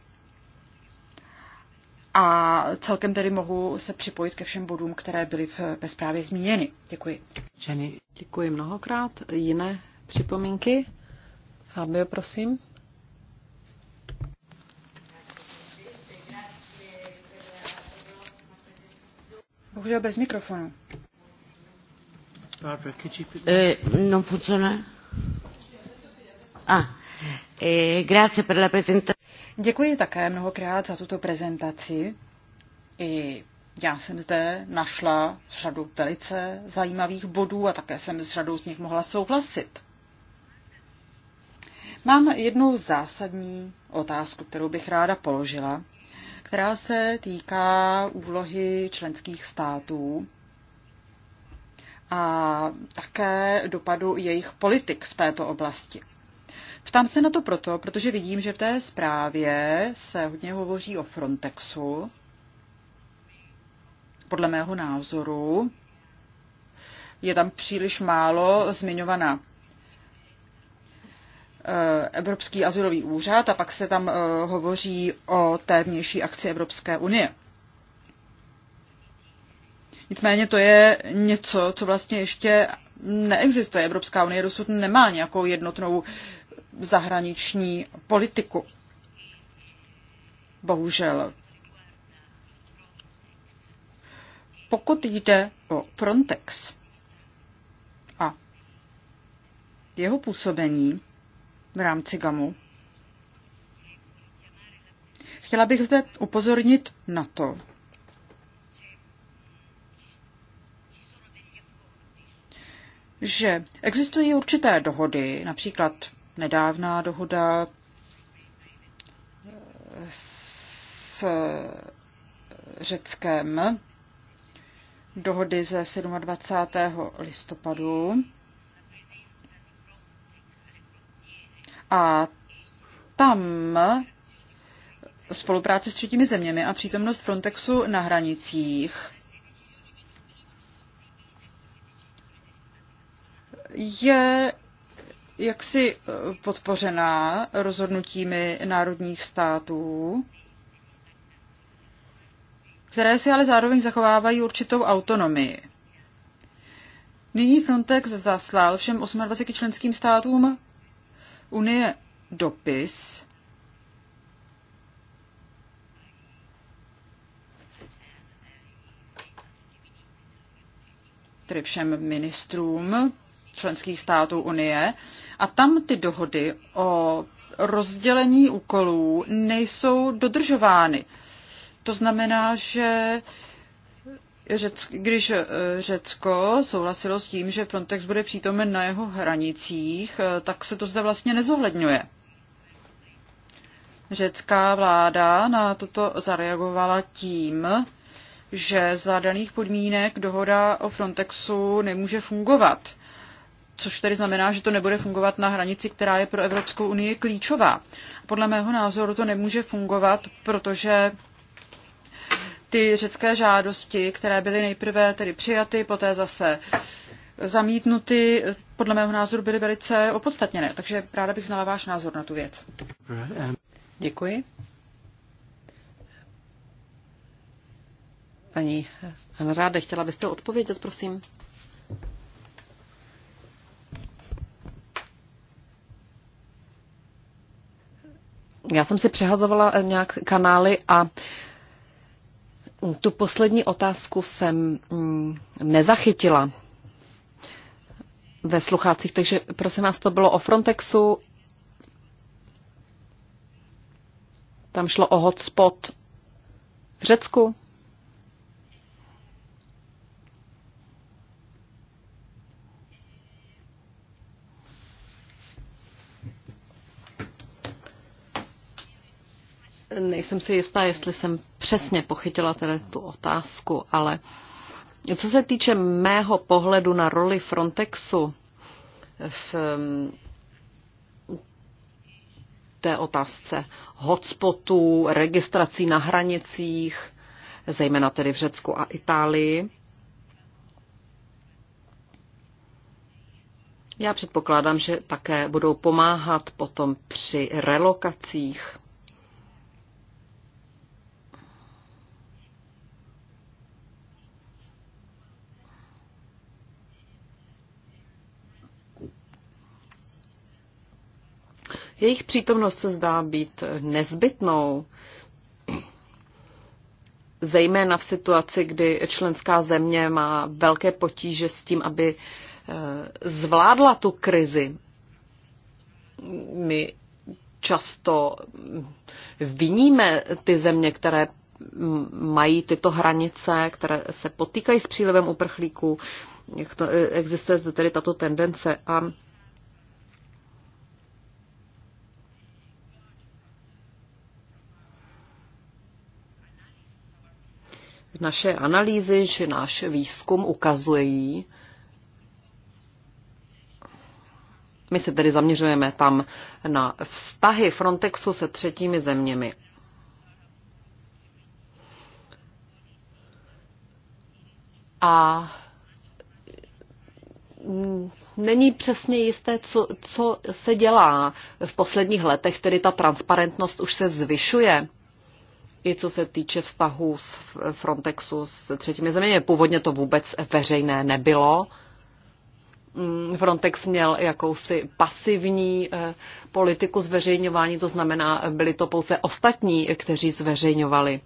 a celkem tedy mohu se připojit ke všem bodům, které byly v bezprávě zmíněny. Děkuji. Jenny. Děkuji mnohokrát. Jiné připomínky? Fabio, prosím. Bohužel bez mikrofonu. eh, non funziona? Ah, eh, grazie per la presentazione. Děkuji také mnohokrát za tuto prezentaci. I já jsem zde našla řadu velice zajímavých bodů a také jsem s řadou z nich mohla souhlasit. Mám jednu zásadní otázku, kterou bych ráda položila, která se týká úlohy členských států a také dopadu jejich politik v této oblasti. Ptám se na to proto, protože vidím, že v té zprávě se hodně hovoří o Frontexu. Podle mého názoru je tam příliš málo zmiňovaná eh, Evropský asilový úřad a pak se tam eh, hovoří o té vnější akci Evropské unie. Nicméně to je něco, co vlastně ještě neexistuje. Evropská unie dosud nemá nějakou jednotnou zahraniční politiku. Bohužel. Pokud jde o Frontex a jeho působení v rámci GAMu, chtěla bych zde upozornit na to, že existují určité dohody, například nedávná dohoda s Řeckem, dohody ze 27. listopadu. A tam spolupráce s třetími zeměmi a přítomnost Frontexu na hranicích je jaksi eh, podpořená rozhodnutími národních států, které si ale zároveň zachovávají určitou autonomii. Nyní Frontex zaslal všem 28 členským státům Unie dopis, tedy všem ministrům členských států Unie, a tam ty dohody o rozdělení úkolů nejsou dodržovány. To znamená, že Řeck, když eh, Řecko souhlasilo s tím, že Frontex bude přítomen na jeho hranicích, eh, tak se to zde vlastně nezohledňuje. Řecká vláda na toto zareagovala tím, že za daných podmínek dohoda o Frontexu nemůže fungovat což tedy znamená, že to nebude fungovat na hranici, která je pro Evropskou unii klíčová. Podle mého názoru to nemůže fungovat, protože ty řecké žádosti, které byly nejprve tedy přijaty, poté zase zamítnuty, podle mého názoru byly velice opodstatněné. Takže ráda bych znala váš názor na tu věc. Děkuji. Paní Hanráde, chtěla byste odpovědět, prosím? Já jsem si přehazovala eh, nějak kanály a tu poslední otázku jsem mm, nezachytila ve sluchácích, takže prosím vás, to bylo o Frontexu. Tam šlo o hotspot v Řecku. Nejsem si jistá, jestli jsem přesně pochytila tedy tu otázku, ale co se týče mého pohledu na roli Frontexu v mm, té otázce hotspotů, registrací na hranicích, zejména tedy v Řecku a Itálii. Já předpokládám, že také budou pomáhat potom při relokacích. Jejich přítomnost se zdá být nezbytnou, zejména v situaci, kdy členská země má velké potíže s tím, aby eh, zvládla tu krizi. My často viníme ty země, které mají tyto hranice, které se potýkají s přílivem uprchlíků. Eh, existuje zde tedy tato tendence a Naše analýzy či náš výzkum ukazují, my se tedy zaměřujeme tam na vztahy Frontexu se třetími zeměmi. A není přesně jisté, co, co se dělá. V posledních letech tedy ta transparentnost už se zvyšuje i co se týče vztahu s Frontexu s třetími zeměmi. Původně to vůbec veřejné nebylo. Mm, Frontex měl jakousi pasivní eh, politiku zveřejňování, to znamená, byli to pouze ostatní, kteří zveřejňovali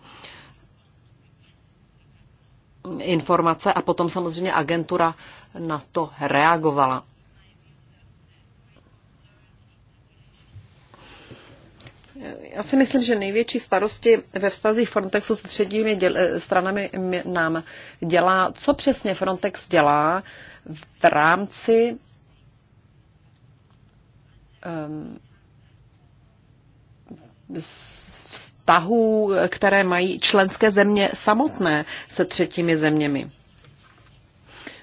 informace a potom samozřejmě agentura na to reagovala. Já si myslím, že největší starosti ve vztazích Frontexu s třetími děl, eh, stranami nám dělá, co přesně Frontex dělá v rámci um, vztahů, které mají členské země samotné se třetími zeměmi.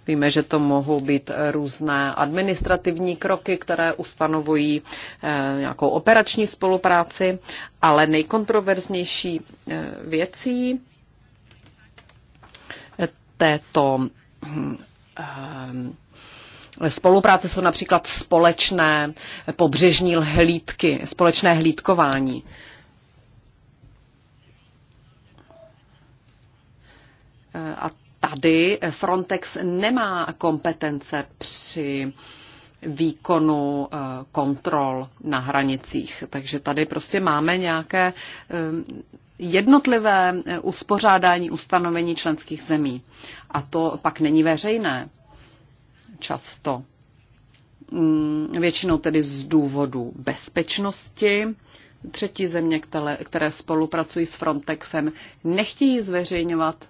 Víme, že to mohou být různé administrativní kroky, které ustanovují eh, nějakou operační spolupráci, ale nejkontroverznější eh, věcí eh, této hm, spolupráce jsou například společné pobřežní hlídky, společné hlídkování. A tady Frontex nemá kompetence při výkonu eh, kontrol na hranicích. Takže tady prostě máme nějaké eh, jednotlivé eh, uspořádání ustanovení členských zemí. A to pak není veřejné často. Mm, většinou tedy z důvodu bezpečnosti. Třetí země, které, které spolupracují s Frontexem, nechtějí zveřejňovat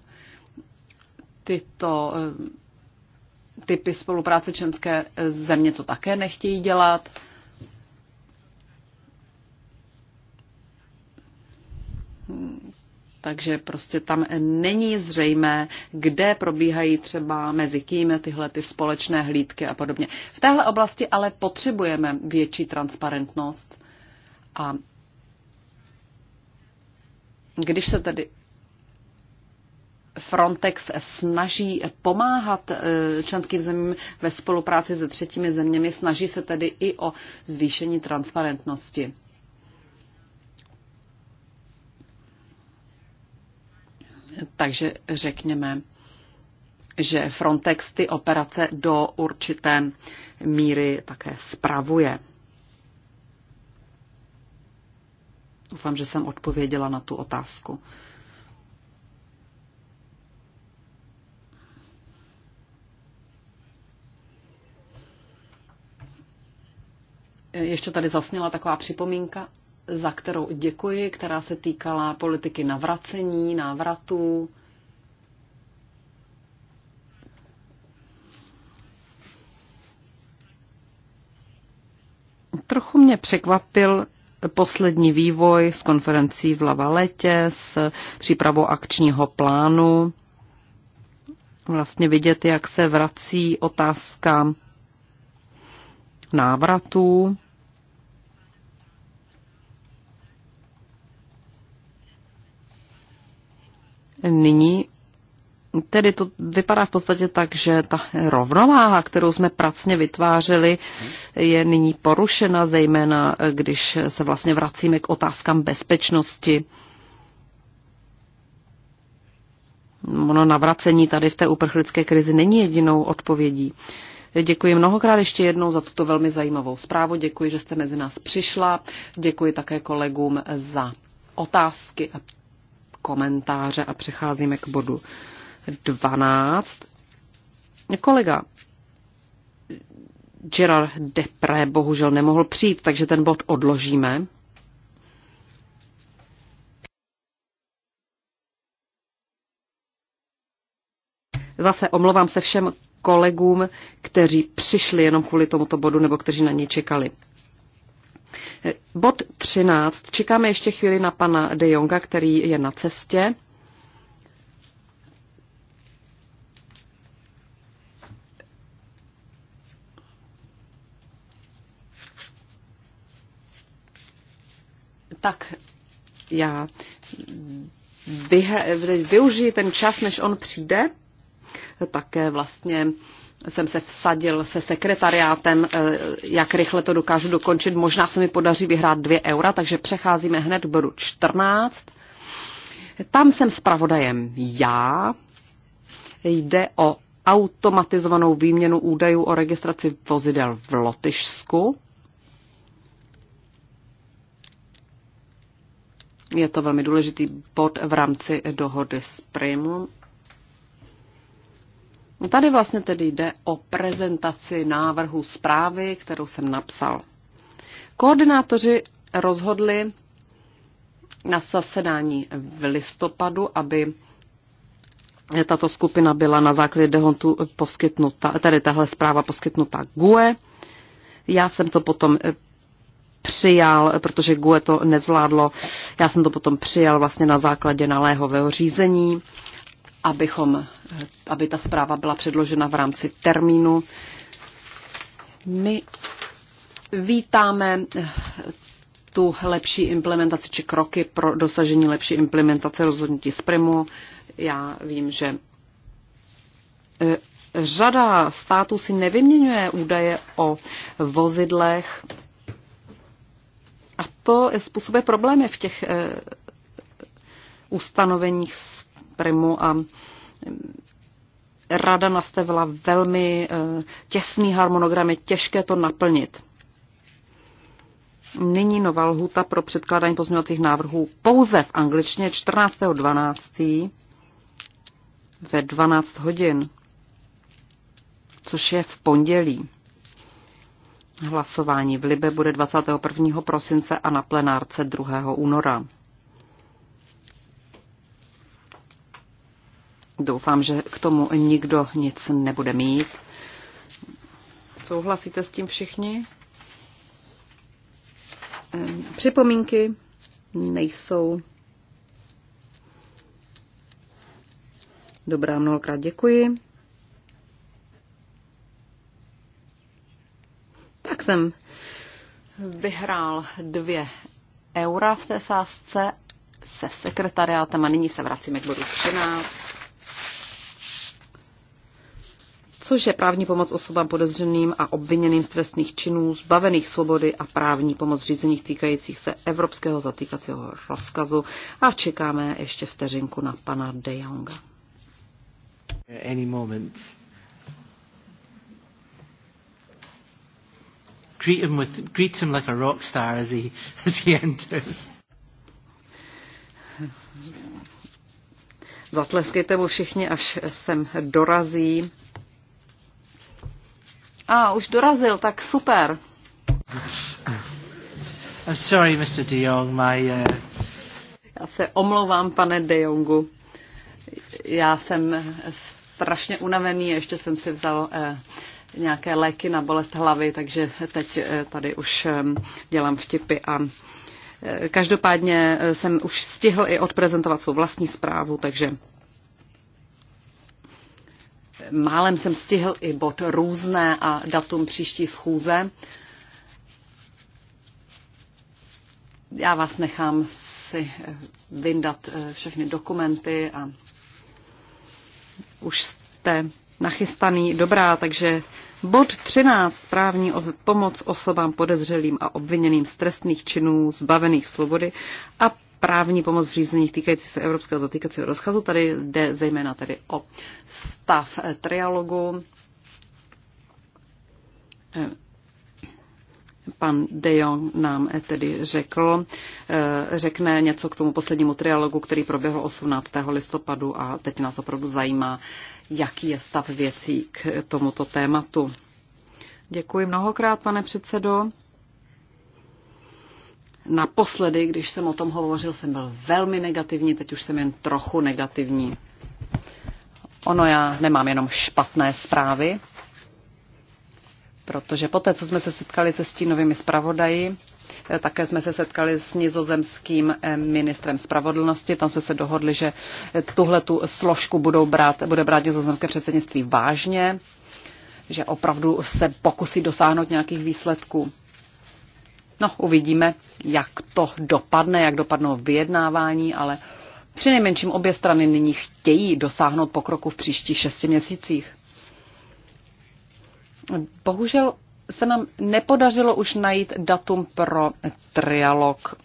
tyto eh, typy spolupráce členské země to také nechtějí dělat. Takže prostě tam není zřejmé, kde probíhají třeba mezi kým tyhle ty společné hlídky a podobně. V téhle oblasti ale potřebujeme větší transparentnost. A když se tedy Frontex snaží pomáhat eh, členským zemím ve spolupráci se třetími zeměmi, snaží se tedy i o zvýšení transparentnosti. Takže řekněme, že Frontex ty operace do určité míry také spravuje. Doufám, že jsem odpověděla na tu otázku. Ještě tady zasněla taková připomínka, za kterou děkuji, která se týkala politiky navracení, návratů. Trochu mě překvapil poslední vývoj s konferencí v Lavaletě, s přípravou akčního plánu. Vlastně vidět, jak se vrací otázka návratů Nyní tedy to vypadá v podstatě tak, že ta rovnováha, kterou jsme pracně vytvářeli, je nyní porušena, zejména když se vlastně vracíme k otázkám bezpečnosti. Ono navracení tady v té uprchlické krizi není jedinou odpovědí. Děkuji mnohokrát ještě jednou za tuto velmi zajímavou zprávu. Děkuji, že jste mezi nás přišla. Děkuji také kolegům za otázky a komentáře a přecházíme k bodu 12. Kolega Gerard Depré bohužel nemohl přijít, takže ten bod odložíme. Zase omlouvám se všem kolegům, kteří přišli jenom kvůli tomuto bodu nebo kteří na něj čekali. Bod 13. Čekáme ještě chvíli na pana De Jonga, který je na cestě. Tak já využiji ten čas, než on přijde, také vlastně jsem se vsadil se sekretariátem, eh, jak rychle to dokážu dokončit. Možná se mi podaří vyhrát 2 eura, takže přecházíme hned k bodu 14. Tam jsem zpravodajem já. Jde o automatizovanou výměnu údajů o registraci vozidel v Lotyšsku. Je to velmi důležitý bod v rámci dohody s Primum No tady vlastně tedy jde o prezentaci návrhu zprávy, kterou jsem napsal. Koordinátoři rozhodli na zasedání v listopadu, aby tato skupina byla na základě dehontu poskytnuta, tedy tahle zpráva poskytnuta GUE. Já jsem to potom eh, přijal, protože GUE to nezvládlo, já jsem to potom přijal vlastně na základě nalého řízení abychom, aby ta zpráva byla předložena v rámci termínu. My vítáme tu lepší implementaci či kroky pro dosažení lepší implementace rozhodnutí z Primu. Já vím, že e, řada států si nevyměňuje údaje o vozidlech a to způsobuje problémy v těch e, ustanoveních z primu a rada nastavila velmi eh, těsný harmonogram, je těžké to naplnit. Nyní nová lhuta pro předkládání pozměňovacích návrhů pouze v angličtině 14.12. ve 12 hodin, což je v pondělí. Hlasování v Libe bude 21. prosince a na plenárce 2. února. Doufám, že k tomu nikdo nic nebude mít. Souhlasíte s tím všichni? Připomínky nejsou. Dobrá, mnohokrát děkuji. Tak jsem vyhrál dvě eura v té sázce se sekretariátem a nyní se vracíme k bodu 13. což je právní pomoc osobám podezřeným a obviněným z trestných činů, zbavených svobody a právní pomoc v řízeních týkajících se evropského zatýkacího rozkazu. A čekáme ještě vteřinku na pana De Jonga. Any moment. Greet him with, greet him like a rock star as he, as he enters. Zatleskejte mu všichni, až sem dorazí. A, ah, už dorazil, tak super. I'm sorry, Mr. De Jong, my, uh... Já se omlouvám, pane De Jongu. Já jsem strašně unavený, ještě jsem si vzal uh, nějaké léky na bolest hlavy, takže teď uh, tady už um, dělám vtipy a uh, každopádně uh, jsem už stihl i odprezentovat svou vlastní zprávu, takže málem jsem stihl i bod různé a datum příští schůze. Já vás nechám si vyndat eh, všechny dokumenty a už jste nachystaný. Dobrá, takže bod 13. Právní pomoc osobám podezřelým a obviněným z trestných činů zbavených svobody a právní pomoc v řízení týkající se evropského dotýkacího rozkazu. Tady jde zejména tedy o stav eh, trialogu. Eh, pan De Jong nám eh, tedy řekl, řekne něco k tomu poslednímu trialogu, který proběhl 18. listopadu a teď nás opravdu zajímá, jaký je stav věcí k tomuto tématu. Děkuji mnohokrát, pane předsedo. Naposledy, když jsem o tom hovořil, jsem byl velmi negativní, teď už jsem jen trochu negativní. Ono já nemám jenom špatné zprávy, protože poté, co jsme se setkali se stínovými zpravodaji, eh, také jsme se setkali s nizozemským eh, ministrem spravodlnosti. Tam jsme se dohodli, že eh, tuhle tu složku budou brát, bude brát nizozemské předsednictví vážně, že opravdu se pokusí dosáhnout nějakých výsledků. No, uvidíme, jak to dopadne, jak dopadnou vyjednávání, ale přinejmenším obě strany nyní chtějí dosáhnout pokroku v příštích šesti měsících. Bohužel se nám nepodařilo už najít datum pro trialog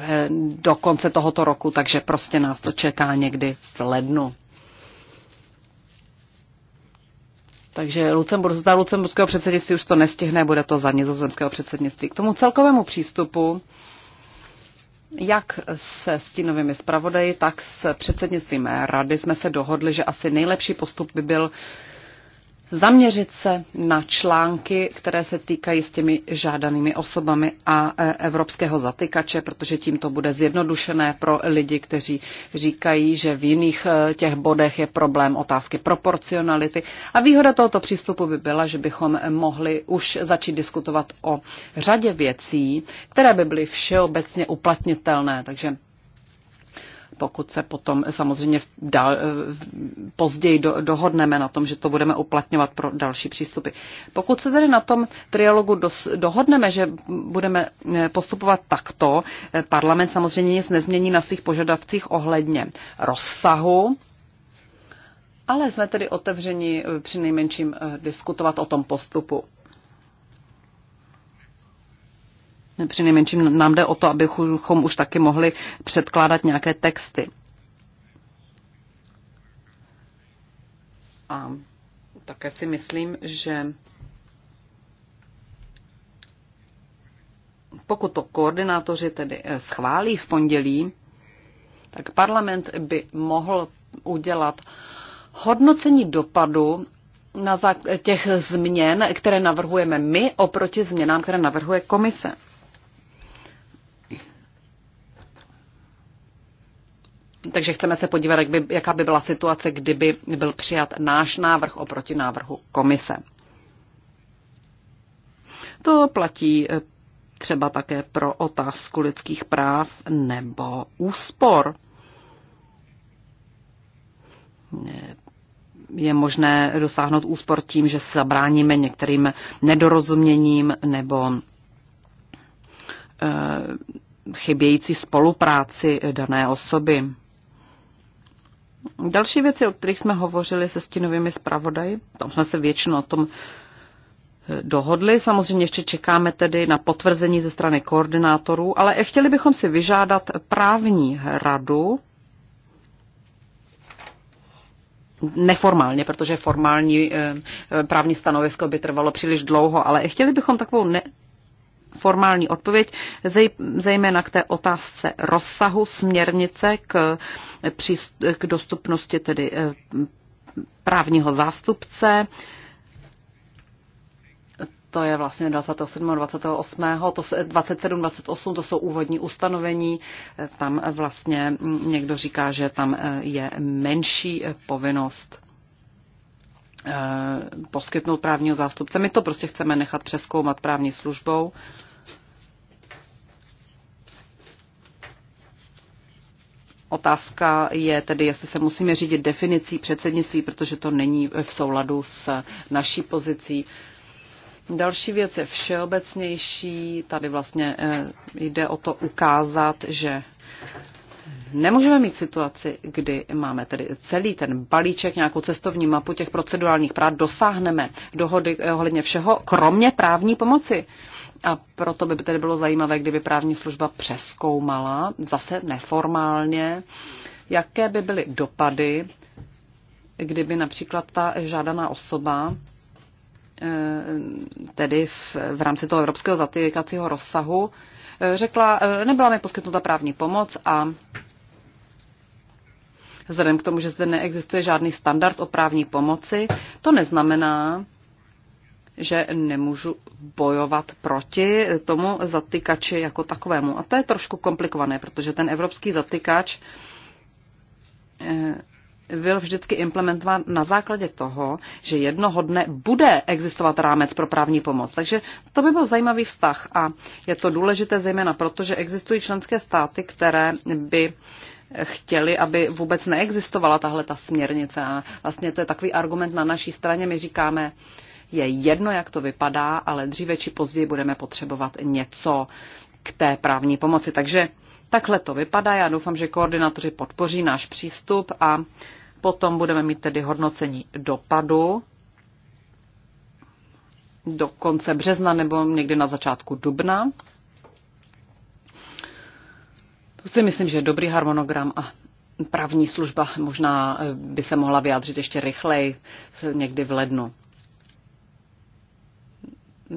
eh, do konce tohoto roku, takže prostě nás to čeká někdy v lednu. Takže Lucemburg, za lucemburského předsednictví už to nestihne, bude to za nizozemského předsednictví. K tomu celkovému přístupu, jak se stínovými zpravodaji, tak s předsednictvím rady jsme se dohodli, že asi nejlepší postup by byl uh, zaměřit se na články, které se týkají s těmi žádanými osobami a e, evropského zatykače, protože tím to bude zjednodušené pro lidi, kteří říkají, že v jiných e, těch bodech je problém otázky proporcionality. A výhoda tohoto přístupu by byla, že bychom mohli už začít diskutovat o řadě věcí, které by byly všeobecně uplatnitelné. Takže pokud se potom samozřejmě dal, eh, později do, dohodneme na tom, že to budeme uplatňovat pro další přístupy. Pokud se tedy na tom trialogu dos, dohodneme, že budeme eh, postupovat takto, eh, parlament samozřejmě nic nezmění na svých požadavcích ohledně rozsahu ale jsme tedy otevřeni při nejmenším diskutovat o tom postupu. Při nejmenším nám jde o to, abychom už taky mohli předkládat nějaké texty. A také si myslím, že pokud to koordinátoři tedy eh, schválí v pondělí, tak parlament by mohl udělat hodnocení dopadu na těch změn, které navrhujeme my, oproti změnám, které navrhuje komise. takže chceme se podívat, jak by, jaká by byla situace, kdyby byl přijat náš návrh oproti návrhu komise. To platí eh, třeba také pro otázku lidských práv nebo úspor. Eh, je možné dosáhnout úspor tím, že se zabráníme některým nedorozuměním nebo eh, chybějící spolupráci dané osoby. Další věci, o kterých jsme hovořili se stínovými zpravodaji, tam jsme se většinou o tom eh, dohodli. Samozřejmě ještě čekáme tedy na potvrzení ze strany koordinátorů, ale chtěli bychom si vyžádat právní radu, neformálně, protože formální eh, eh, právní stanovisko by trvalo příliš dlouho, ale chtěli bychom takovou ne, formální odpověď, zejména k té otázce rozsahu směrnice k, k dostupnosti tedy eh, právního zástupce. To je vlastně 27. 28. To se, 27, 28, to jsou úvodní ustanovení. Tam vlastně někdo říká, že tam eh, je menší eh, povinnost Eh, poskytnout právního zástupce. My to prostě chceme nechat přeskoumat právní službou. Otázka je tedy, jestli se musíme řídit definicí předsednictví, protože to není v souladu s naší pozicí. Další věc je všeobecnější. Tady vlastně eh, jde o to ukázat, že Nemůžeme mít situaci, kdy máme tedy celý ten balíček, nějakou cestovní mapu těch procedurálních práv, dosáhneme dohody ohledně všeho, kromě právní pomoci. A proto by tedy bylo zajímavé, kdyby právní služba přeskoumala, zase neformálně, jaké by byly dopady, kdyby například ta žádaná osoba eh, tedy v, v rámci toho evropského zatýkacího rozsahu řekla, eh, nebyla mi poskytnuta právní pomoc a vzhledem k tomu, že zde neexistuje žádný standard o právní pomoci, to neznamená, že nemůžu bojovat proti tomu zatykači jako takovému. A to je trošku komplikované, protože ten evropský zatykač eh, byl vždycky implementován na základě toho, že jednoho dne bude existovat rámec pro právní pomoc. Takže to by byl zajímavý vztah a je to důležité zejména proto, že existují členské státy, které by chtěli, aby vůbec neexistovala tahle ta směrnice. A vlastně to je takový argument na naší straně. My říkáme, je jedno, jak to vypadá, ale dříve či později budeme potřebovat něco k té právní pomoci. Takže Takhle to vypadá. Já doufám, že koordinátoři podpoří náš přístup a potom budeme mít tedy hodnocení dopadu do konce března nebo někdy na začátku dubna. To si myslím, že je dobrý harmonogram a právní služba možná eh, by se mohla vyjádřit ještě rychleji eh, někdy v lednu.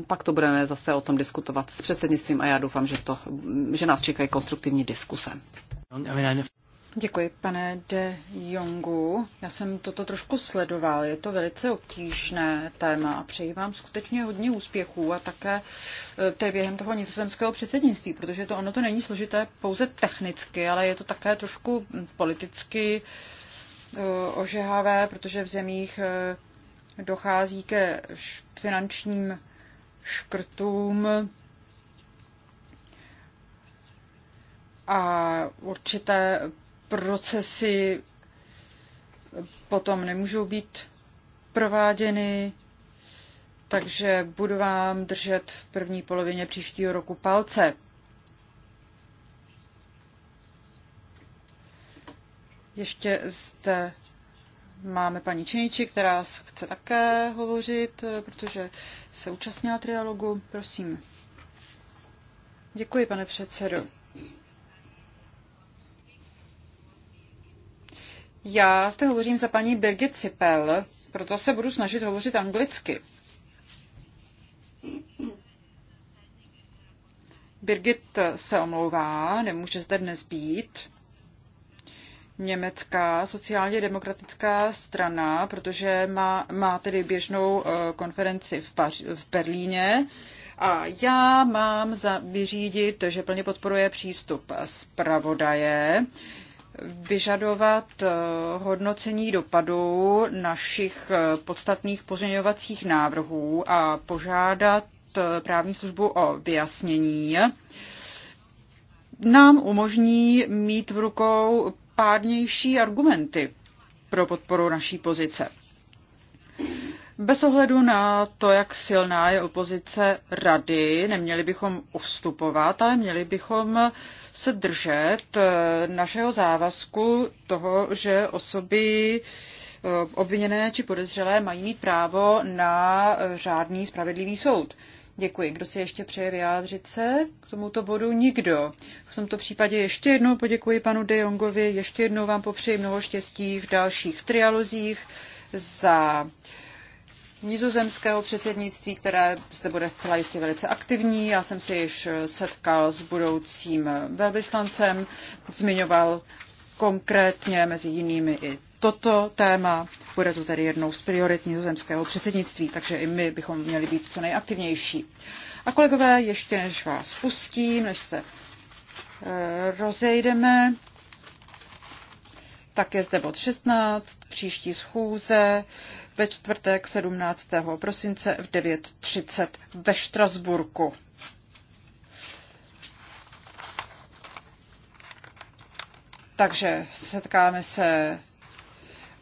Pak to budeme zase o tom diskutovat s předsednictvím a já doufám, že, to, že nás čekají konstruktivní diskuse. Děkuji, pane De Jongu. Já jsem toto trošku sledoval. Je to velice obtížné téma a přeji vám skutečně hodně úspěchů a také eh, té během toho nizozemského předsednictví, protože to ono to není složité pouze technicky, ale je to také trošku politicky eh, ožehavé, protože v zemích eh, dochází ke finančním škrtům a určité procesy potom nemůžou být prováděny, takže budu vám držet v první polovině příštího roku palce. Ještě zde Máme paní Činiči, která chce také hovořit, protože se účastnila trialogu. Prosím. Děkuji, pane předsedo. Já zde hovořím za paní Birgit Cipel, proto se budu snažit hovořit anglicky. Birgit se omlouvá, nemůže zde dnes být německá sociálně demokratická strana, protože má, má tedy běžnou eh, konferenci v, Paři, v Berlíně. A já mám za vyřídit, že plně podporuje přístup zpravodaje, vyžadovat eh, hodnocení dopadu našich eh, podstatných pozměňovacích návrhů a požádat právní službu o vyjasnění nám umožní mít v rukou pádnější argumenty pro podporu naší pozice. Bez ohledu na to, jak silná je opozice rady, neměli bychom ustupovat, ale měli bychom se držet eh, našeho závazku toho, že osoby eh, obviněné či podezřelé mají mít právo na eh, řádný spravedlivý soud. Děkuji. Kdo si ještě přeje vyjádřit se k tomuto bodu? Nikdo. V tomto případě ještě jednou poděkuji panu De Jongovi, ještě jednou vám popřeji mnoho štěstí v dalších trialozích za nizozemského předsednictví, které zde bude zcela jistě velice aktivní. Já jsem se již setkal s budoucím velvyslancem, zmiňoval konkrétně mezi jinými i toto téma. Bude to tedy jednou z priorit nizozemského předsednictví, takže i my bychom měli být co nejaktivnější. A kolegové, ještě než vás pustím, než se eh, rozejdeme, tak je zde bod 16, příští schůze ve čtvrtek 17. prosince v 9.30 ve Štrasburku. Takže setkáme se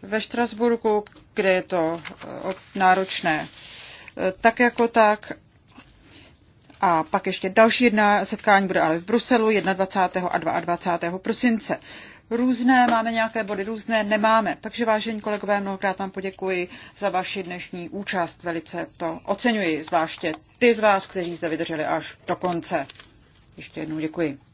ve Štrasburku, kde je to eh, náročné eh, tak jako tak. A pak ještě další jedna setkání bude ale v Bruselu 21. a 22. prosince. Různé máme nějaké body, různé nemáme. Takže vážení kolegové, mnohokrát vám poděkuji za vaši dnešní účast. Velice to oceňuji, zvláště ty z vás, kteří zde vydrželi až do konce. Ještě jednou děkuji.